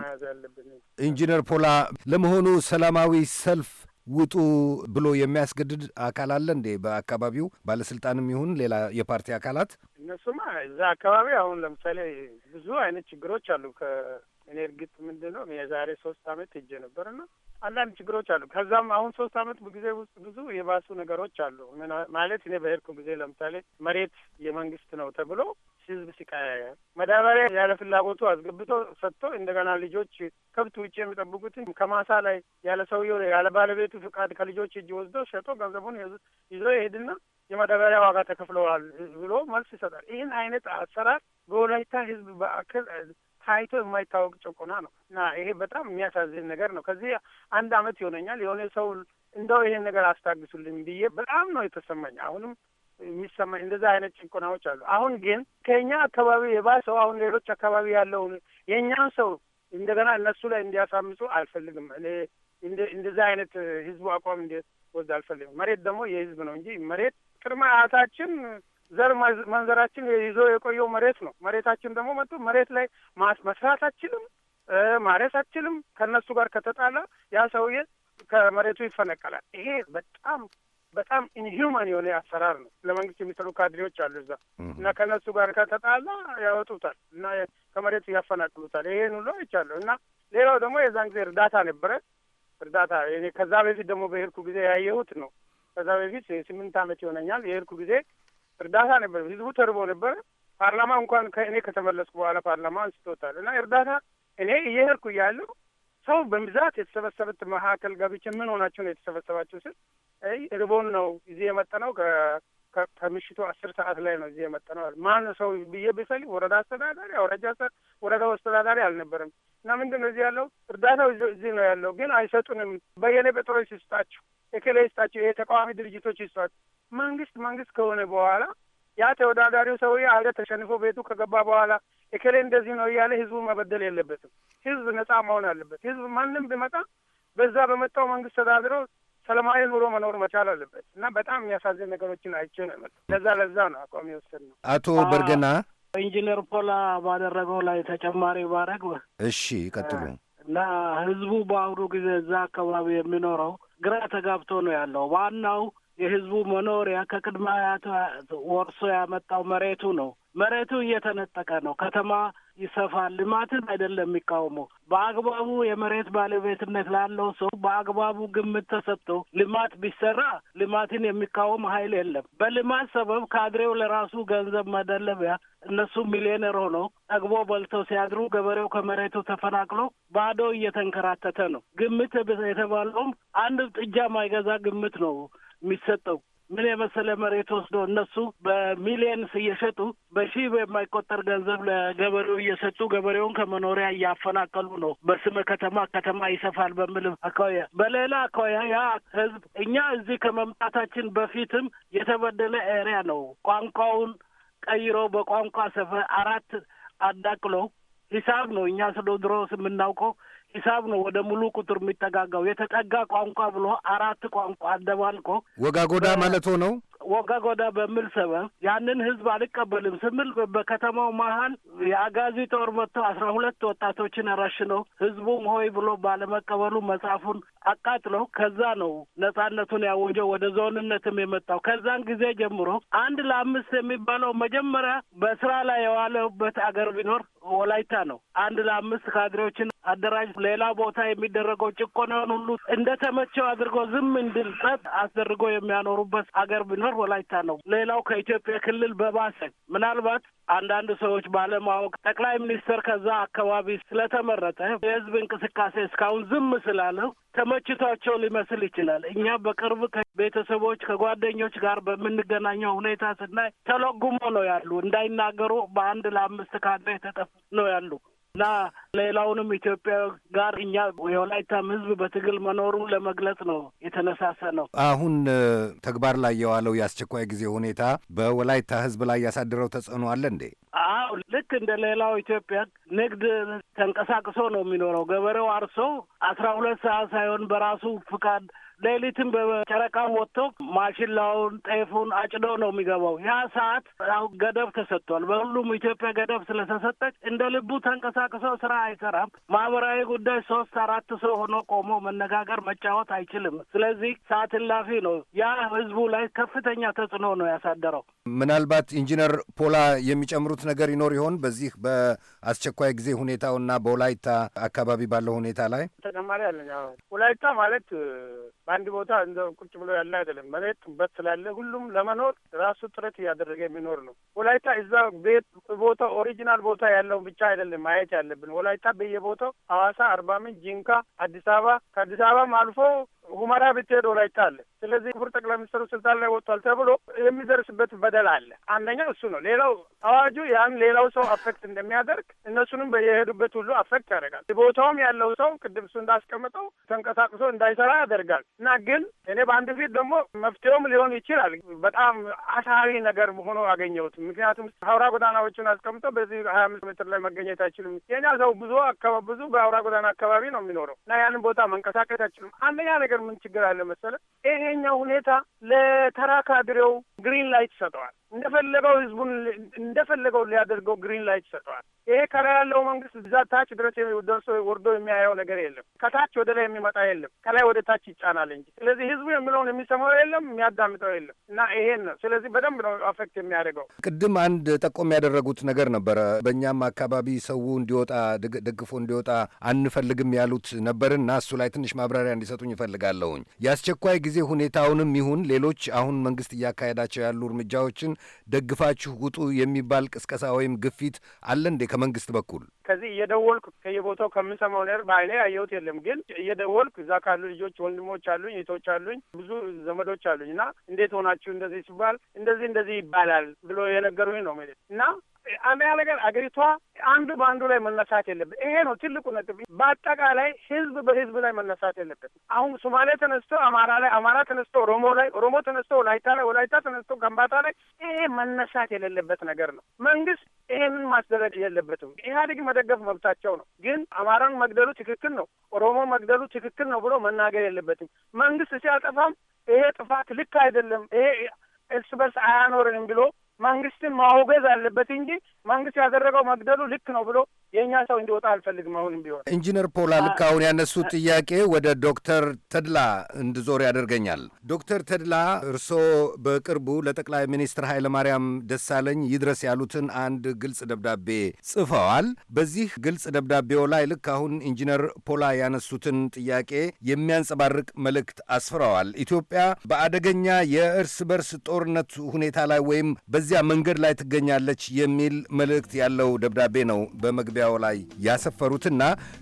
ኢንጂነር ፖላ፣ ለመሆኑ ሰላማዊ ሰልፍ ውጡ ብሎ የሚያስገድድ አካል አለ እንዴ? በአካባቢው ባለስልጣንም ይሁን ሌላ የፓርቲ አካላት
እነሱማ እዛ አካባቢ አሁን ለምሳሌ ብዙ አይነት ችግሮች አሉ እኔ እርግጥ ምንድን ነው የዛሬ ሶስት አመት ሄጄ ነበር እና አንዳንድ ችግሮች አሉ። ከዛም አሁን ሶስት አመት ጊዜ ውስጥ ብዙ የባሱ ነገሮች አሉ። ማለት እኔ በሄድኩ ጊዜ ለምሳሌ መሬት የመንግስት ነው ተብሎ ህዝብ ሲቀያያል መዳበሪያ ያለ ፍላጎቱ አስገብቶ ሰጥቶ እንደገና ልጆች ከብት ውጭ የሚጠብቁትን ከማሳ ላይ ያለ ሰውየው ያለ ባለቤቱ ፍቃድ ከልጆች እጅ ወስዶ ሸጦ ገንዘቡን ይዞ ይሄድና የማዳበሪያ ዋጋ ተከፍለዋል ብሎ መልስ ይሰጣል። ይህን አይነት አሰራር በወላይታ ህዝብ በአክል ታይቶ የማይታወቅ ጭቆና ነው እና ይሄ በጣም የሚያሳዝን ነገር ነው። ከዚህ አንድ አመት ይሆነኛል የሆነ ሰው እንደው ይሄን ነገር አስታግሱልኝ ብዬ በጣም ነው የተሰማኝ። አሁንም የሚሰማኝ እንደዛ አይነት ጭቆናዎች አሉ። አሁን ግን ከኛ አካባቢ የባሰው አሁን ሌሎች አካባቢ ያለውን የእኛን ሰው እንደገና እነሱ ላይ እንዲያሳምጹ አልፈልግም። እኔ እንደዛ አይነት ህዝቡ አቋም እንዲወስድ አልፈልግም። መሬት ደግሞ የህዝብ ነው እንጂ መሬት ቅድመ አያታችን ዘር መንዘራችን ይዞ የቆየው መሬት ነው። መሬታችን ደግሞ መጡ መሬት ላይ መስራት አችልም፣ ማረስ አችልም። ከእነሱ ጋር ከተጣላ ያ ሰውዬ ከመሬቱ ይፈነቀላል። ይሄ በጣም በጣም ኢንሂውማን የሆነ አሰራር ነው። ለመንግስት የሚሰሩ ካድሬዎች አሉ እዛ እና ከእነሱ ጋር ከተጣላ ያወጡታል እና ከመሬቱ ያፈናቅሉታል። ይሄን ሁሉ አይቻለሁ። እና ሌላው ደግሞ የዛን ጊዜ እርዳታ ነበረ። እርዳታ ከዛ በፊት ደግሞ በሄድኩ ጊዜ ያየሁት ነው። ከዛ በፊት ስምንት ዓመት ይሆነኛል የሄድኩ ጊዜ እርዳታ ነበር። ህዝቡ ተርቦ ነበረ። ፓርላማ እንኳን ከእኔ ከተመለስኩ በኋላ ፓርላማ አንስቶታል። እና እርዳታ እኔ እየሄድኩ እያለሁ ሰው በብዛት የተሰበሰበት መካከል ገብቼ ምን ሆናችሁ ነው የተሰበሰባችሁ ስል ርቦን ነው እዚህ የመጠነው ከምሽቱ አስር ሰዓት ላይ ነው እዚህ የመጠነው ነው። ማን ሰው ብዬ ብፈልግ ወረዳ አስተዳዳሪ አውራጃ ወረዳው አስተዳዳሪ አልነበረም። እና ምንድን ነው እዚህ ያለው እርዳታው እዚህ ነው ያለው፣ ግን አይሰጡንም። በየነ ጴጥሮስ ይስጣችሁ፣ እክሌ ይስጣችሁ፣ ተቃዋሚ ድርጅቶች ይስጣችሁ መንግስት መንግስት ከሆነ በኋላ ያ ተወዳዳሪው ሰውዬ አለ ተሸንፎ ቤቱ ከገባ በኋላ እከሌ እንደዚህ ነው እያለ ህዝቡ መበደል የለበትም። ህዝብ ነጻ መሆን አለበት። ህዝብ ማንም ቢመጣ በዛ በመጣው መንግስት ተዳድሮ ሰላማዊ ኑሮ መኖር መቻል አለበት እና በጣም የሚያሳዝን ነገሮችን አይቼ ነው የመጣው። ለዛ ለዛ ነው
አቋሚ ወሰድ ነው።
አቶ በርገና
ኢንጂነር ፖላ ባደረገው ላይ ተጨማሪ ባረግ።
እሺ ቀጥሉ።
እና ህዝቡ በአሁኑ ጊዜ እዛ አካባቢ የሚኖረው ግራ ተጋብቶ ነው ያለው። ዋናው የህዝቡ መኖሪያ ከቅድመ ወርሶ ያመጣው መሬቱ ነው። መሬቱ እየተነጠቀ ነው። ከተማ ይሰፋል። ልማትን አይደለም የሚቃወመው። በአግባቡ የመሬት ባለቤትነት ላለው ሰው በአግባቡ ግምት ተሰጥቶ ልማት ቢሰራ ልማትን የሚቃወም ኃይል የለም። በልማት ሰበብ ካድሬው ለራሱ ገንዘብ መደለቢያ እነሱ ሚሊዮነር ሆኖ ጠግቦ በልቶ ሲያድሩ ገበሬው ከመሬቱ ተፈናቅሎ ባዶ እየተንከራተተ ነው። ግምት የተባለውም አንድ ጥጃ ማይገዛ ግምት ነው የሚሰጠው ምን የመሰለ መሬት ወስዶ እነሱ በሚሊየንስ እየሸጡ በሺህ የማይቆጠር ገንዘብ ለገበሬው እየሰጡ ገበሬውን ከመኖሪያ እያፈናቀሉ ነው። በስመ ከተማ ከተማ ይሰፋል በሚል አኳያ በሌላ አኳያ ያ ህዝብ እኛ እዚህ ከመምጣታችን በፊትም የተበደለ ኤሪያ ነው። ቋንቋውን ቀይሮ በቋንቋ ሰፈ አራት አዳቅሎ ሂሳብ ነው። እኛ ስለ ድሮስ የምናውቀው ሂሳብ ነው ወደ ሙሉ ቁጥር የሚጠጋጋው የተጠጋ ቋንቋ ብሎ አራት ቋንቋ አደባልቆ ወጋጎዳ ማለት ነው። ወጋጎዳ በሚል ሰበብ ያንን ህዝብ አልቀበልም ስምል በከተማው መሀል የአጋዚ ጦር መጥቶ አስራ ሁለት ወጣቶችን አራሽነው ህዝቡም ሆይ ብሎ ባለመቀበሉ መጽሐፉን አቃጥሎ ከዛ ነው ነጻነቱን ያወጀው ወደ ዞንነትም የመጣው ከዛን ጊዜ ጀምሮ አንድ ለአምስት የሚባለው መጀመሪያ በስራ ላይ የዋለበት አገር ቢኖር ወላይታ ነው። አንድ ለአምስት ካድሬዎችን አደራጅ ሌላ ቦታ የሚደረገው ጭቆናውን ሁሉ እንደተመቸው አድርጎ ዝም እንድል ጸጥ አስደርጎ የሚያኖሩበት አገር ቢኖር ነገር ወላይታ ነው። ሌላው ከኢትዮጵያ ክልል በባሰ ምናልባት አንዳንድ ሰዎች ባለማወቅ ጠቅላይ ሚኒስትር ከዛ አካባቢ ስለተመረጠ የህዝብ እንቅስቃሴ እስካሁን ዝም ስላለው ተመችቷቸው ሊመስል ይችላል። እኛ በቅርብ ከቤተሰቦች ከጓደኞች ጋር በምንገናኘው ሁኔታ ስናይ ተለጉሞ ነው ያሉ እንዳይናገሩ በአንድ ለአምስት ካድሬ የተጠፉ ነው ያሉ እና ሌላውንም ኢትዮጵያ ጋር እኛ የወላይታም ህዝብ በትግል መኖሩን ለመግለጽ ነው የተነሳሰ ነው።
አሁን ተግባር ላይ የዋለው የአስቸኳይ ጊዜ ሁኔታ በወላይታ ህዝብ ላይ ያሳድረው ተጽዕኖ አለ እንዴ?
አዎ ልክ እንደ ሌላው ኢትዮጵያ ንግድ ተንቀሳቅሶ ነው የሚኖረው። ገበሬው አርሶ አስራ ሁለት ሰዓት ሳይሆን በራሱ ፍቃድ ሌሊትም በጨረቃም ወጥተው ማሽላውን፣ ጤፉን አጭደው ነው የሚገባው። ያ ሰዓት አሁን ገደብ ተሰጥቷል። በሁሉም ኢትዮጵያ ገደብ ስለተሰጠች እንደ ልቡ ተንቀሳቅሰው ስራ አይሰራም። ማህበራዊ ጉዳይ ሶስት አራት ሰው ሆኖ ቆሞ መነጋገር መጫወት አይችልም። ስለዚህ ሰዓት እላፊ ነው። ያ ህዝቡ ላይ ከፍተኛ ተጽዕኖ ነው ያሳደረው።
ምናልባት ኢንጂነር ፖላ የሚጨምሩት ነገር ይኖር ይሆን በዚህ በአስቸኳይ ጊዜ ሁኔታውና በወላይታ አካባቢ ባለው ሁኔታ ላይ
ተጨማሪ አለ ወላይታ ማለት በአንድ ቦታ እንደ ቁጭ ብሎ ያለ አይደለም። መሬት ጥበት ስላለ ሁሉም ለመኖር ራሱ ጥረት እያደረገ የሚኖር ነው። ወላይታ እዛ ቤት ቦታ ኦሪጂናል ቦታ ያለው ብቻ አይደለም ማየት ያለብን። ወላይታ በየቦታው ሐዋሳ፣ አርባ ምንጭ፣ ጂንካ፣ አዲስ አበባ ከአዲስ አበባም አልፎ ሁመራ ብትሄድ ወላይታ አለ። ስለዚህ ክቡር ጠቅላይ ሚኒስትሩ ስልጣን ላይ ወጥቷል ተብሎ የሚደርስበት በደል አለ። አንደኛ እሱ ነው። ሌላው አዋጁ ያን ሌላው ሰው አፌክት እንደሚያደርግ እነሱንም በየሄዱበት ሁሉ አፌክት ያደርጋል። ቦታውም ያለው ሰው ቅድም እሱ እንዳስቀምጠው ተንቀሳቅሶ እንዳይሰራ ያደርጋል እና ግን እኔ በአንድ ፊት ደግሞ መፍትሄውም ሊሆን ይችላል። በጣም አሳሪ ነገር ሆኖ አገኘሁት። ምክንያቱም አውራ ጎዳናዎቹን አስቀምጦ በዚህ ሀያ አምስት ሜትር ላይ መገኘት አይችልም። የኛ ሰው ብዙ አካባቢ ብዙ በሀውራ ጎዳና አካባቢ ነው የሚኖረው እና ያንን ቦታ መንቀሳቀስ አይችልም። አንደኛ ነገር ምን ችግር አለ መሰለ ይሄኛው ሁኔታ ካድሬው ግሪን ላይት ሰጠዋል። እንደፈለገው ህዝቡን እንደፈለገው ሊያደርገው ግሪን ላይት ሰጠዋል። ይሄ ከላይ ያለው መንግስት እዛ ታች ድረስ ደርሶ ወርዶ የሚያየው ነገር የለም። ከታች ወደ ላይ የሚመጣ የለም። ከላይ ወደ ታች ይጫናል እንጂ። ስለዚህ ህዝቡ የሚለውን የሚሰማው የለም፣ የሚያዳምጠው የለም። እና ይሄን ነው። ስለዚህ በደንብ ነው አፌክት የሚያደርገው።
ቅድም አንድ ጠቆም ያደረጉት ነገር ነበረ። በእኛም አካባቢ ሰው እንዲወጣ ደግፎ እንዲወጣ አንፈልግም ያሉት ነበርና እሱ ላይ ትንሽ ማብራሪያ እንዲሰጡኝ ይፈልጋለሁኝ። የአስቸኳይ ጊዜ ሁኔታውንም ይሁን ሌሎች አሁን መንግስት እያካሄዳቸው ያሉ እርምጃዎችን ደግፋችሁ ውጡ የሚባል ቅስቀሳ ወይም ግፊት አለ እንዴ ከመንግስት በኩል?
ከዚህ እየደወልኩ ከየቦታው ከምንሰማው ነገር በአይኔ ያየሁት የለም፣ ግን እየደወልኩ እዛ ካሉ ልጆች ወንድሞች አሉኝ፣ እህቶች አሉኝ፣ ብዙ ዘመዶች አሉኝ እና እንዴት ሆናችሁ እንደዚህ ሲባል እንደዚህ እንደዚህ ይባላል ብሎ የነገሩኝ ነው እና አንደኛ ነገር አገሪቷ አንዱ በአንዱ ላይ መነሳት የለበት። ይሄ ነው ትልቁ ነጥብ። በአጠቃላይ ህዝብ በህዝብ ላይ መነሳት የለበት። አሁን ሶማሌ ተነስቶ አማራ ላይ፣ አማራ ተነስቶ ኦሮሞ ላይ፣ ኦሮሞ ተነስቶ ወላይታ ላይ፣ ወላይታ ተነስቶ ከምባታ ላይ፣ ይሄ መነሳት የሌለበት ነገር ነው። መንግስት ይሄንን ማስደረግ የለበትም። ኢህአዴግ መደገፍ መብታቸው ነው፣ ግን አማራን መግደሉ ትክክል ነው፣ ኦሮሞ መግደሉ ትክክል ነው ብሎ መናገር የለበትም። መንግስት ሲያጠፋም ይሄ ጥፋት ልክ አይደለም፣ ይሄ እርስ በርስ አያኖርንም ብሎ መንግስትን ማውገዝ አለበት እንጂ መንግስት ያደረገው መግደሉ ልክ ነው ብሎ የእኛ ሰው እንዲወጣ አልፈልግም።
አሁንም ቢሆን ኢንጂነር ፖላ ልክ አሁን ያነሱት ጥያቄ ወደ ዶክተር ተድላ እንድዞር ያደርገኛል። ዶክተር ተድላ እርስዎ በቅርቡ ለጠቅላይ ሚኒስትር ኃይለማርያም ደሳለኝ ይድረስ ያሉትን አንድ ግልጽ ደብዳቤ ጽፈዋል። በዚህ ግልጽ ደብዳቤው ላይ ልክ አሁን ኢንጂነር ፖላ ያነሱትን ጥያቄ የሚያንጸባርቅ መልእክት አስፍረዋል። ኢትዮጵያ በአደገኛ የእርስ በርስ ጦርነት ሁኔታ ላይ ወይም በዚህ በዚያ መንገድ ላይ ትገኛለች የሚል መልእክት ያለው ደብዳቤ ነው በመግቢያው ላይ ያሰፈሩትና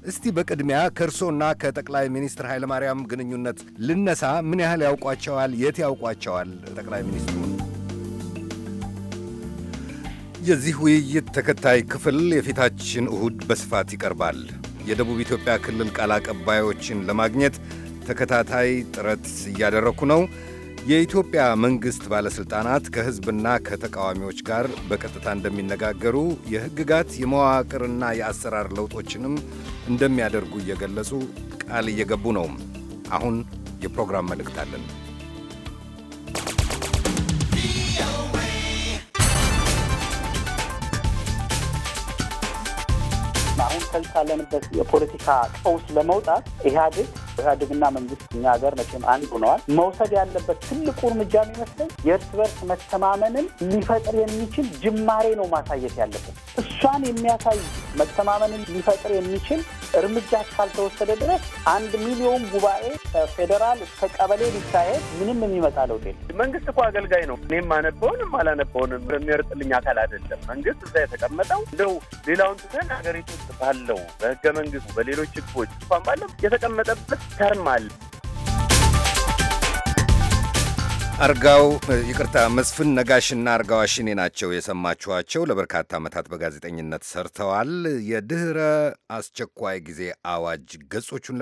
እስቲ በቅድሚያ ከእርሶና ከጠቅላይ ሚኒስትር ኃይለማርያም ግንኙነት ልነሳ። ምን ያህል ያውቋቸዋል? የት ያውቋቸዋል ጠቅላይ ሚኒስትሩ የዚህ ውይይት ተከታይ ክፍል የፊታችን እሁድ በስፋት ይቀርባል። የደቡብ ኢትዮጵያ ክልል ቃል አቀባዮችን ለማግኘት ተከታታይ ጥረት እያደረግኩ ነው። የኢትዮጵያ መንግሥት ባለሥልጣናት ከሕዝብና ከተቃዋሚዎች ጋር በቀጥታ እንደሚነጋገሩ የሕግጋት የመዋቅርና የአሰራር ለውጦችንም እንደሚያደርጉ እየገለጹ ቃል እየገቡ ነው። አሁን የፕሮግራም መልእክት አለን።
አሁን ከልካለንበት
የፖለቲካ ቀውስ ለመውጣት ኢህአዴግ ኢህአዴግና መንግስት እኛ ሀገር መቼም አንድ ሆነዋል። መውሰድ ያለበት ትልቁ እርምጃ የሚመስለኝ የእርስ በርስ መተማመንን ሊፈጥር የሚችል ጅማሬ ነው ማሳየት ያለበት። እሷን የሚያሳይ መተማመንን ሊፈጥር የሚችል እርምጃ እስካልተወሰደ ድረስ አንድ ሚሊዮን ጉባኤ ፌዴራል እስከ ቀበሌ ሊካሄድ ምንም የሚመጣ ለውጥ የለም። መንግስት እኮ አገልጋይ ነው። እኔም አነበውንም አላነበውንም የሚመርጥልኝ አካል አይደለም። መንግስት እዛ የተቀመጠው እንደው ሌላውን ትተን ሀገሪቱ ውስጥ ባለው በህገ መንግስቱ በሌሎች ህጎች እንኳን ባለው የተቀመጠበት ተርም አለ።
አርጋው ይቅርታ፣ መስፍን ነጋሽና አርጋው አሽኔ ናቸው የሰማችኋቸው። ለበርካታ ዓመታት በጋዜጠኝነት ሰርተዋል። የድኅረ አስቸኳይ ጊዜ አዋጅ ገጾቹን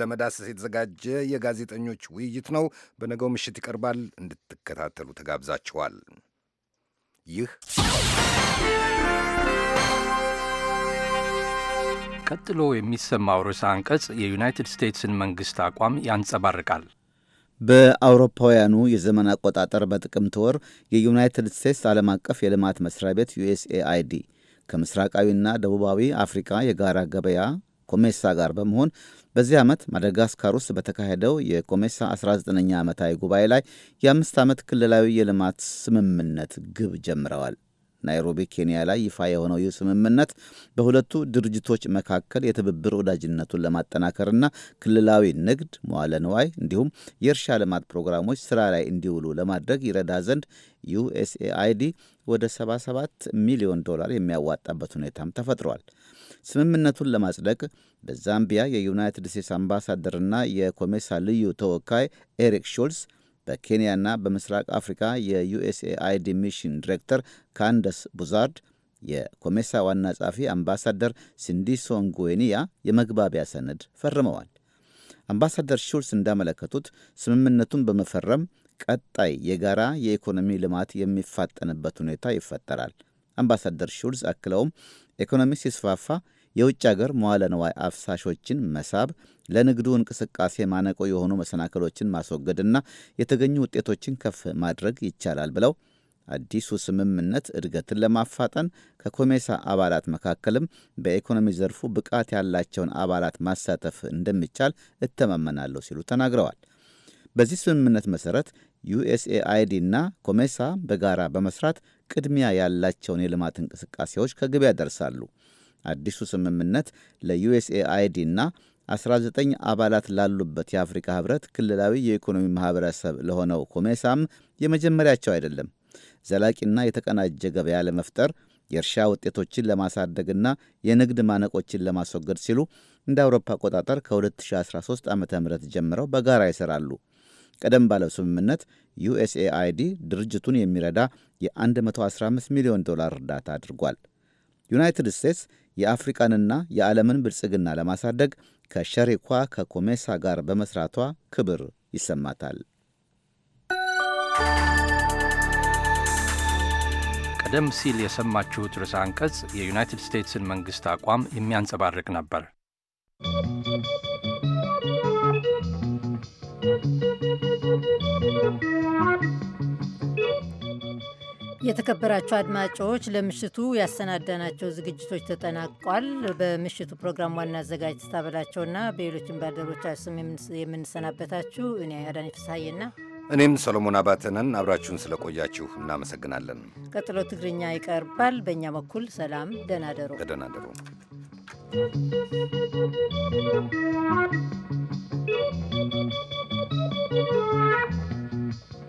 ለመዳሰስ የተዘጋጀ የጋዜጠኞች ውይይት ነው። በነገው ምሽት ይቀርባል። እንድትከታተሉ ተጋብዛችኋል። ይህ
ቀጥሎ የሚሰማው ርዕሰ አንቀጽ የዩናይትድ ስቴትስን መንግሥት አቋም ያንጸባርቃል።
በአውሮፓውያኑ የዘመን አቆጣጠር በጥቅምት ወር የዩናይትድ ስቴትስ ዓለም አቀፍ የልማት መስሪያ ቤት ዩኤስኤአይዲ ከምስራቃዊና ደቡባዊ አፍሪካ የጋራ ገበያ ኮሜሳ ጋር በመሆን በዚህ ዓመት ማደጋስካር ውስጥ በተካሄደው የኮሜሳ 19ኛ ዓመታዊ ጉባኤ ላይ የአምስት ዓመት ክልላዊ የልማት ስምምነት ግብ ጀምረዋል። ናይሮቢ ኬንያ ላይ ይፋ የሆነው ይህ ስምምነት በሁለቱ ድርጅቶች መካከል የትብብር ወዳጅነቱን ለማጠናከርና ክልላዊ ንግድ፣ መዋለ ንዋይ እንዲሁም የእርሻ ልማት ፕሮግራሞች ስራ ላይ እንዲውሉ ለማድረግ ይረዳ ዘንድ ዩኤስኤአይዲ ወደ 77 ሚሊዮን ዶላር የሚያዋጣበት ሁኔታም ተፈጥሯል። ስምምነቱን ለማጽደቅ በዛምቢያ የዩናይትድ ስቴትስ አምባሳደርና የኮሜሳ ልዩ ተወካይ ኤሪክ ሾልስ በኬንያና በምስራቅ አፍሪካ የዩኤስኤአይዲ ሚሽን ዲሬክተር ካንደስ ቡዛርድ፣ የኮሜሳ ዋና ጸሐፊ አምባሳደር ሲንዲሶ ንጉዌኒያ የመግባቢያ ሰነድ ፈርመዋል። አምባሳደር ሹልስ እንዳመለከቱት ስምምነቱን በመፈረም ቀጣይ የጋራ የኢኮኖሚ ልማት የሚፋጠንበት ሁኔታ ይፈጠራል። አምባሳደር ሹልስ አክለውም ኢኮኖሚ ሲስፋፋ የውጭ አገር መዋለ ንዋይ አፍሳሾችን መሳብ፣ ለንግዱ እንቅስቃሴ ማነቆ የሆኑ መሰናክሎችን ማስወገድና የተገኙ ውጤቶችን ከፍ ማድረግ ይቻላል ብለው አዲሱ ስምምነት እድገትን ለማፋጠን ከኮሜሳ አባላት መካከልም በኢኮኖሚ ዘርፉ ብቃት ያላቸውን አባላት ማሳተፍ እንደሚቻል እተማመናለሁ ሲሉ ተናግረዋል። በዚህ ስምምነት መሠረት ዩኤስኤአይዲ እና ኮሜሳ በጋራ በመስራት ቅድሚያ ያላቸውን የልማት እንቅስቃሴዎች ከግብ ያደርሳሉ። አዲሱ ስምምነት ለዩኤስኤአይዲ እና 19 አባላት ላሉበት የአፍሪካ ህብረት ክልላዊ የኢኮኖሚ ማህበረሰብ ለሆነው ኮሜሳም የመጀመሪያቸው አይደለም። ዘላቂና የተቀናጀ ገበያ ለመፍጠር የእርሻ ውጤቶችን ለማሳደግና የንግድ ማነቆችን ለማስወገድ ሲሉ እንደ አውሮፓ አቆጣጠር ከ2013 ዓ ም ጀምረው በጋራ ይሰራሉ። ቀደም ባለው ስምምነት ዩኤስኤአይዲ ድርጅቱን የሚረዳ የ115 ሚሊዮን ዶላር እርዳታ አድርጓል። ዩናይትድ ስቴትስ የአፍሪቃንና የዓለምን ብልጽግና ለማሳደግ ከሸሪኳ ከኮሜሳ ጋር በመስራቷ ክብር ይሰማታል።
ቀደም ሲል የሰማችሁት ርዕሰ አንቀጽ የዩናይትድ ስቴትስን መንግሥት አቋም የሚያንጸባርቅ ነበር። የተከበራችሁ አድማጮች ለምሽቱ ያሰናዳናቸው ዝግጅቶች ተጠናቋል። በምሽቱ ፕሮግራም ዋና አዘጋጅ ትታበላቸውና በሌሎችን ባልደረቦቻችን ስም የምንሰናበታችሁ እኔ አዳኒ ፍስሐዬና
እኔም ሰሎሞን አባተነን አብራችሁን ስለቆያችሁ እናመሰግናለን።
ቀጥሎ ትግርኛ ይቀርባል። በእኛ በኩል ሰላም፣ ደህና ደሩ፣
ደህና ደሩ።